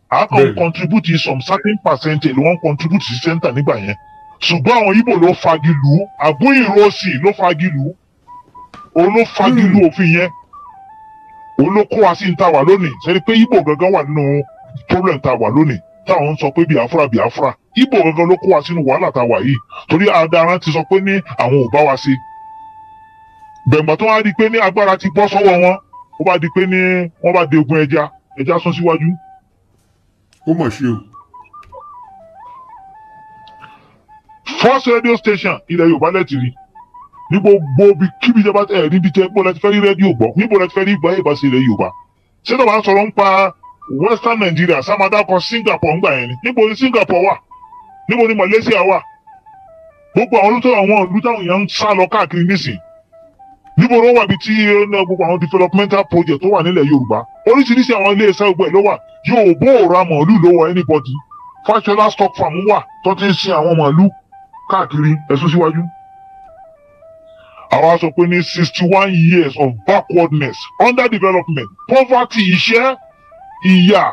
a kàn contribute some certain percentage wọ́n contribute sí center nígbà yẹn ṣùgbọ́n àwọn ibo ló fagi lù ú àbúyìnrọ́sì ló fagi lù ú òun ló fagi lù hmm. òfin yẹn òun ló kó wa sí ní ta wà lónìí ṣe ni pé ibo gangan wà nínú problem ta wà lónìí táwọn ń sọ pé biafra biafra ibo gangan ló kó wa sínú wàhálà tá a wà yìí torí adaran ti sọ pé ní àwọn ò bá wa ṣe bẹ̀ǹgbà tó wá di pé ní agbára ti bọ́ sọ́wọ́ wọn ó bá di pé ní wọ́n bá de ogun ẹja ẹja sún síwájú. ó mà ṣe o. first radio station ilẹ̀ yorùbá lẹ́tì rí ní gbogbo bí kíbi jẹba ẹ̀ níbi tẹ́ gbọ́dọ̀ ti fẹ́ rí rédíò gbọ́ níbo lẹ́ ti fẹ́ rí gbọ́ ẹ̀ bá ṣe ilẹ̀ yorùbá ṣé tó sọ̀rọ̀ ń pa western nigeria samadakọ singapore ń gbà yẹn ni níbo ni singapore wà níbo ni malaysia wà gbogbo àwọn olùtọ́ àwọn ìlú táwọn èèyàn ń sá lọ káàkiri nísìn níbo ló wà bí tí gbogbo àwọn developmental project tó wà nílẹ̀ yorùbá oríṣiríṣi àwọn ilé iṣẹ́ gbogbo ẹ̀ ló wà yóò bó òra màálù lọ́wọ́ anybody fashola stock farm wà tó ti ń sin àwọn màálù káàkiri ẹ̀sùn síwájú. àwa sọ pé ní sixty one years of backwardness underdevelopment poverty ìṣẹ́ ìyà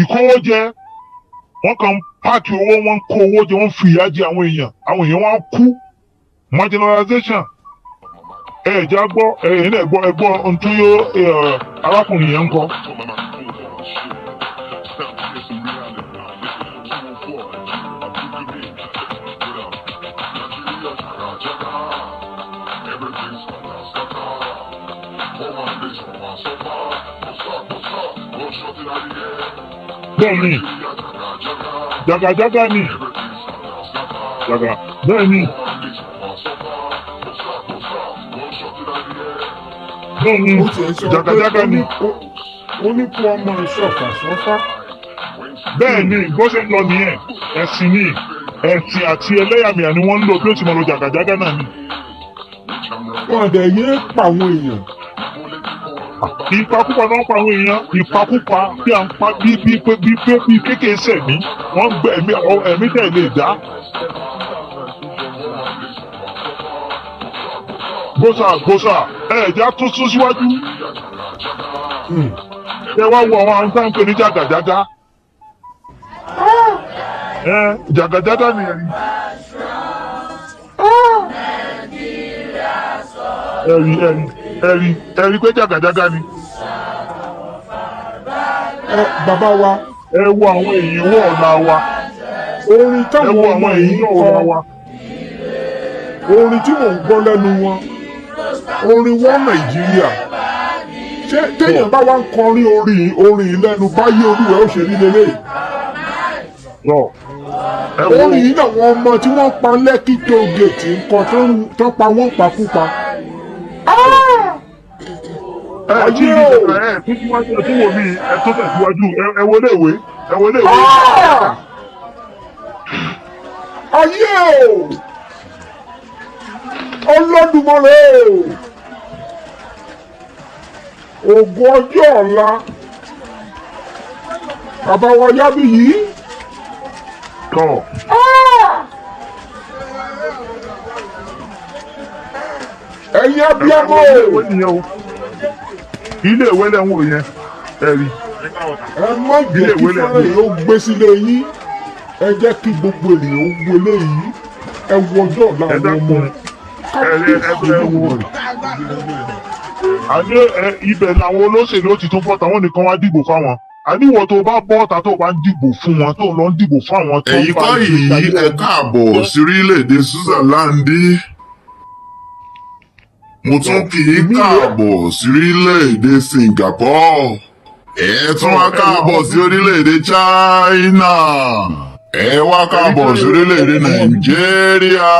ìkówójẹ wọ́n kàn páàkì owó wọn kó owó jẹ wọ́n fi ìyà jẹ àwọn èèyàn àwọn èèyàn wọn kú marginalization ẹ ẹ já gbọ́ ẹ ẹ náà gbọ́ ẹ gbọ́ ohun tó yọ arákùnrin yẹn ń kọ. bẹ́ẹ̀ni jagajaga ni jaga bẹ́ẹ̀ni bẹ́ẹ̀ni jagajaga ni. ó ní kó ọmọ ìṣọ̀fà sọ́fà. bẹ́ẹ̀ni bó ṣe ń lọ nìyẹn ẹ̀sìn ni ẹ̀sìn àti ẹlẹ́yàmẹ̀yà ni wọ́n ń lò bí ó ti mọ̀ lọ jagajaga náà ni. wọ́n yéé pa èèyàn ìpakúpa náà ń pa àwọn èèyàn ìpakúpa bí à ń pa bí bí pé bí pé bí kékeré sẹ̀mí wọ́n ń gbẹ ẹ̀mí ẹ̀mí tẹ̀ lè dá. gbósà gbósà ẹ̀ẹ́dá tó sún síwájú. ẹ wá wo àwọn àwọn táwọn pè ní jàgàjàgà. ẹ jàgàjàgà nìyẹn. ẹ̀rí ẹ̀rí. ẹ̀rí ẹ̀rí pé jàgàjàgà ni. ẹ bàbá wa. ẹ wo àwọn èyí wọ ọ̀la wa. orin táwọn ọmọ yìí ń wa orin tí mò ń gbọ́ lẹ́nu wọn orin wọn nàìjíríà ṣé téèyàn bá wá ń kọrin orin orin lẹ́nu báyé olúwẹ̀ ó ṣe orin yìí ọmọ tí wọn pa lẹ́kì gèètì nǹkan tó pa pa pakúpa. ẹ tí ẹ tún síwájú ẹ tún wò mí ẹ tún tẹ̀síwájú ẹ wọlé ìwé ẹ wọlé ìwé. ayé o Olódùmarè o ògùn ọjọ́ ọ̀la bàbá wa yábí yìí. tọ́. ẹ̀yin abiyamọ ilé ìwé lẹ́ ń wò yẹn ẹ rí. ẹ má jẹ́ kí fọ́nrán yìí ó gbé sílé yín ẹ jẹ́ kí gbogbo ènìyàn ó gbé léyìí ẹ wọjọ́ làwọn ọmọ kábíyèsí wò rẹ̀. àní ibẹ̀ làwọn olóṣèlú ó ti tún fọ́ táwọn nìkan wá dìbò fáwọn àníwọ̀ tó bá bọ́ ọ̀tà tó bá ń dìbò fún wọn tó lọ ń dìbò fún àwọn tó ń bá ń dìbò fún wọn. ẹ̀yin kọ́ yìí ẹ káàbọ̀ sí orílẹ̀-èdè Switzerland mo tún kì í káàbọ̀ sírílẹ̀-èdè Singapore ẹ tún wá káàbọ̀ sí orílẹ̀-èdè China ẹ wá káàbọ̀ sí orílẹ̀-èdè Nàìjíríà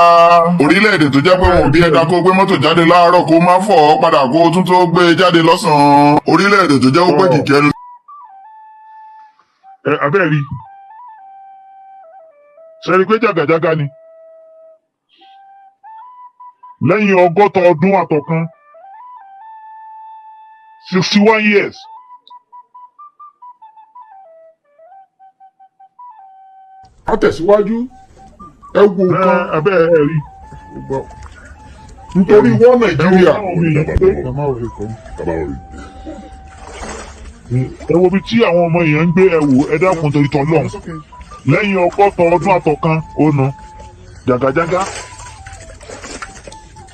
orílẹ̀-èdè tó jẹ́ pé wọn bí ẹ̀dá kó gbé mọ́tò jáde láàárọ̀ kó má fọ̀ ọ́ padà kó tún tó gbé e jáde lọ́sàn-án orílẹ̀-èdè tó jẹ́ pé kìkẹ́ ni. ẹ abẹ́rẹ́ rí sẹ́ni pé jàgàjàgà ni lẹ́yìn ọgọ́ta ọdún àtọ̀kan sixty one years. a tẹ̀síwájú ẹ wo nǹkan abẹ́ ẹ rí nítorí wọ́n nàìjíríà ẹ wo bí tí àwọn ọmọ èèyàn ń gbé ẹ wò ẹ dákun torí tọ́lọ́run lẹ́yìn ọgọ́ta ọdún àtọ̀kan ó nu jàgàjàgà.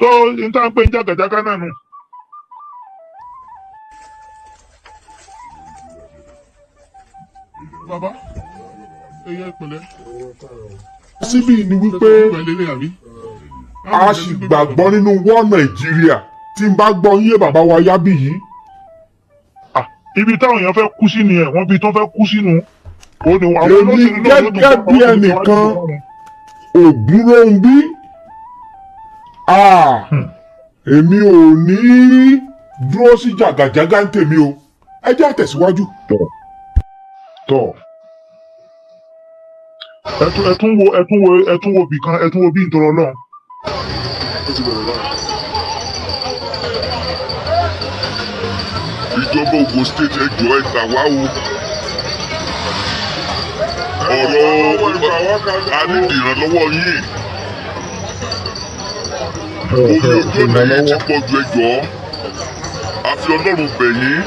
tó n tá n pè ń jàgàjàgà náà nù. bàbá ẹyẹ ìpínlẹ̀. síbí ni wípé a sì gbàgbọ́ nínú wọ́n nàìjíríà tí n bá gbọ́ yé bàbá wa yábì yìí. Ah, ibi táwọn èèyàn fẹ́ kú sí nìyẹn wọ́n bí tó fẹ́ kú sínú. èmi gẹ́gẹ́ bí ẹnìkan ògúnròǹbí. Ah. Hmm. èmi ò ní dúró sí jàgàjàgà ń tèmi o ẹ jẹ́ àtẹ̀síwájú. tọ́ tọ́ ẹ wo ẹ wo ẹ wo bìkan ẹ wo bí ìtọ́rọ náà. ìjọba Ògùn state ẹ jọ̀ọ́ ẹ gbà wá o ọ̀rọ̀ a nílò ìrànlọ́wọ́ yín orí òkè náà yẹn ti pọ̀ ju ẹjọ́ a fi ọlọ́run bẹ̀ yín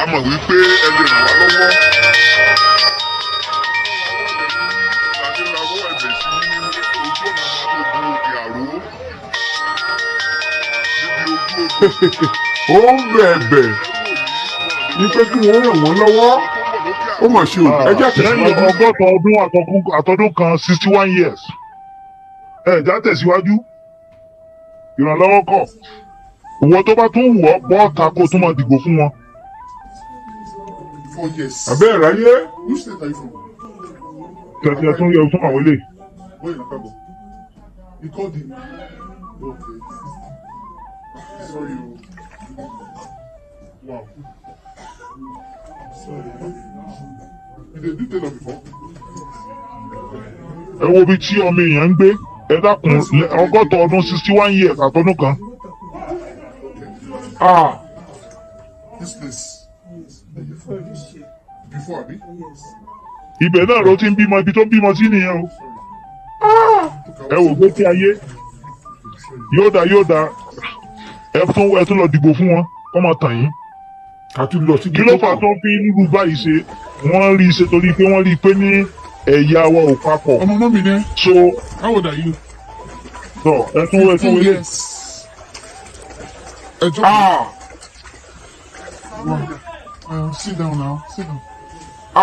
a mọ̀ wípé ẹ ó ń bẹ̀bẹ̀ ní pé kí wọ́n ràn wọ́n lọ́wọ́ ó mà ṣe o ẹ jẹ́ àtẹ̀síwájú. lẹ́yìn ọgọ́ta ọdún àtọdún kan sixty one years ẹ̀já tẹ̀síwájú ìrànlọ́wọ́ kọ̀ ìwọ tó bá tún wọ̀ bọ́ ọ̀ta kó tún máa dìbò fún wọn. Oh, àbẹ́ ìráyé tẹ̀sí ẹ̀tún yẹ fún àwọn ilé. Wow. Sorry. You didn't do before. Ẹ wo bí tí ọmọ èèyàn ń gbé ẹ dákun ọgọ́ta ọdún sixty one years àtọ́dún kan. Ah. ah. This Before, before abi. Ibẹ̀ náà ló ti ń bímọ ibi tó ń bímọ sí nìyẹn o. Ẹ wò pé kí ayé yóò dá yóò dá ẹ tún ẹ tún lọ dìbò fún wọn wọ́n máa tàn yín. Kí ló fà tó fi rúru báyìí ṣe wọ́n rí i ṣe torí pé wọ́n rí i pé ní ẹ̀yà wa ò papọ̀. ọmọ mọ́ mi ní. so how old are you. sọ ẹ tún ẹ tún wọlé. ẹ jọ ah. Uh, sit down now sit down.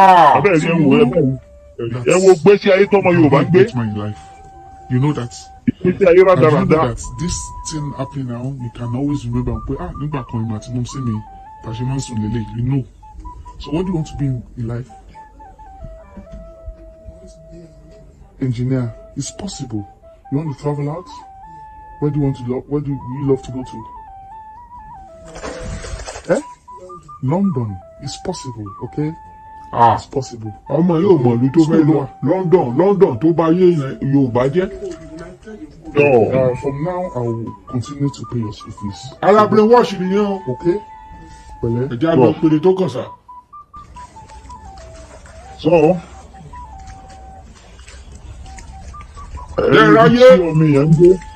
ah abẹ́rẹ́ ẹ wo ẹ bẹ́ẹ̀ ẹ wo gbèsè ayé tọmọ Yorùbá gbé. you know that. ìgbésí ayé rádaràda. I know that this thing happen now you can always remember pé ah nígbà kan ìmọ̀ àti mọ̀ sí mi tàṣẹ máa ń sùn lélẹ̀ you know so what do you want to be in, in life. engineer. It's possible. You want to travel out? Where do you want to love? Where do you love to go to? Eh? London. It's possible, okay? Ah, it's possible. ọmọ yóò mọ̀ ní tó fẹ́ lọ London London tó bá yé Yorùbá jẹ́. Uh, from now I will continue to pay your school fees. ara brain wash nìyẹn o. okay pẹ̀lẹ́. ẹ̀jẹ̀ so. Darren, are you there? Me, I'm good.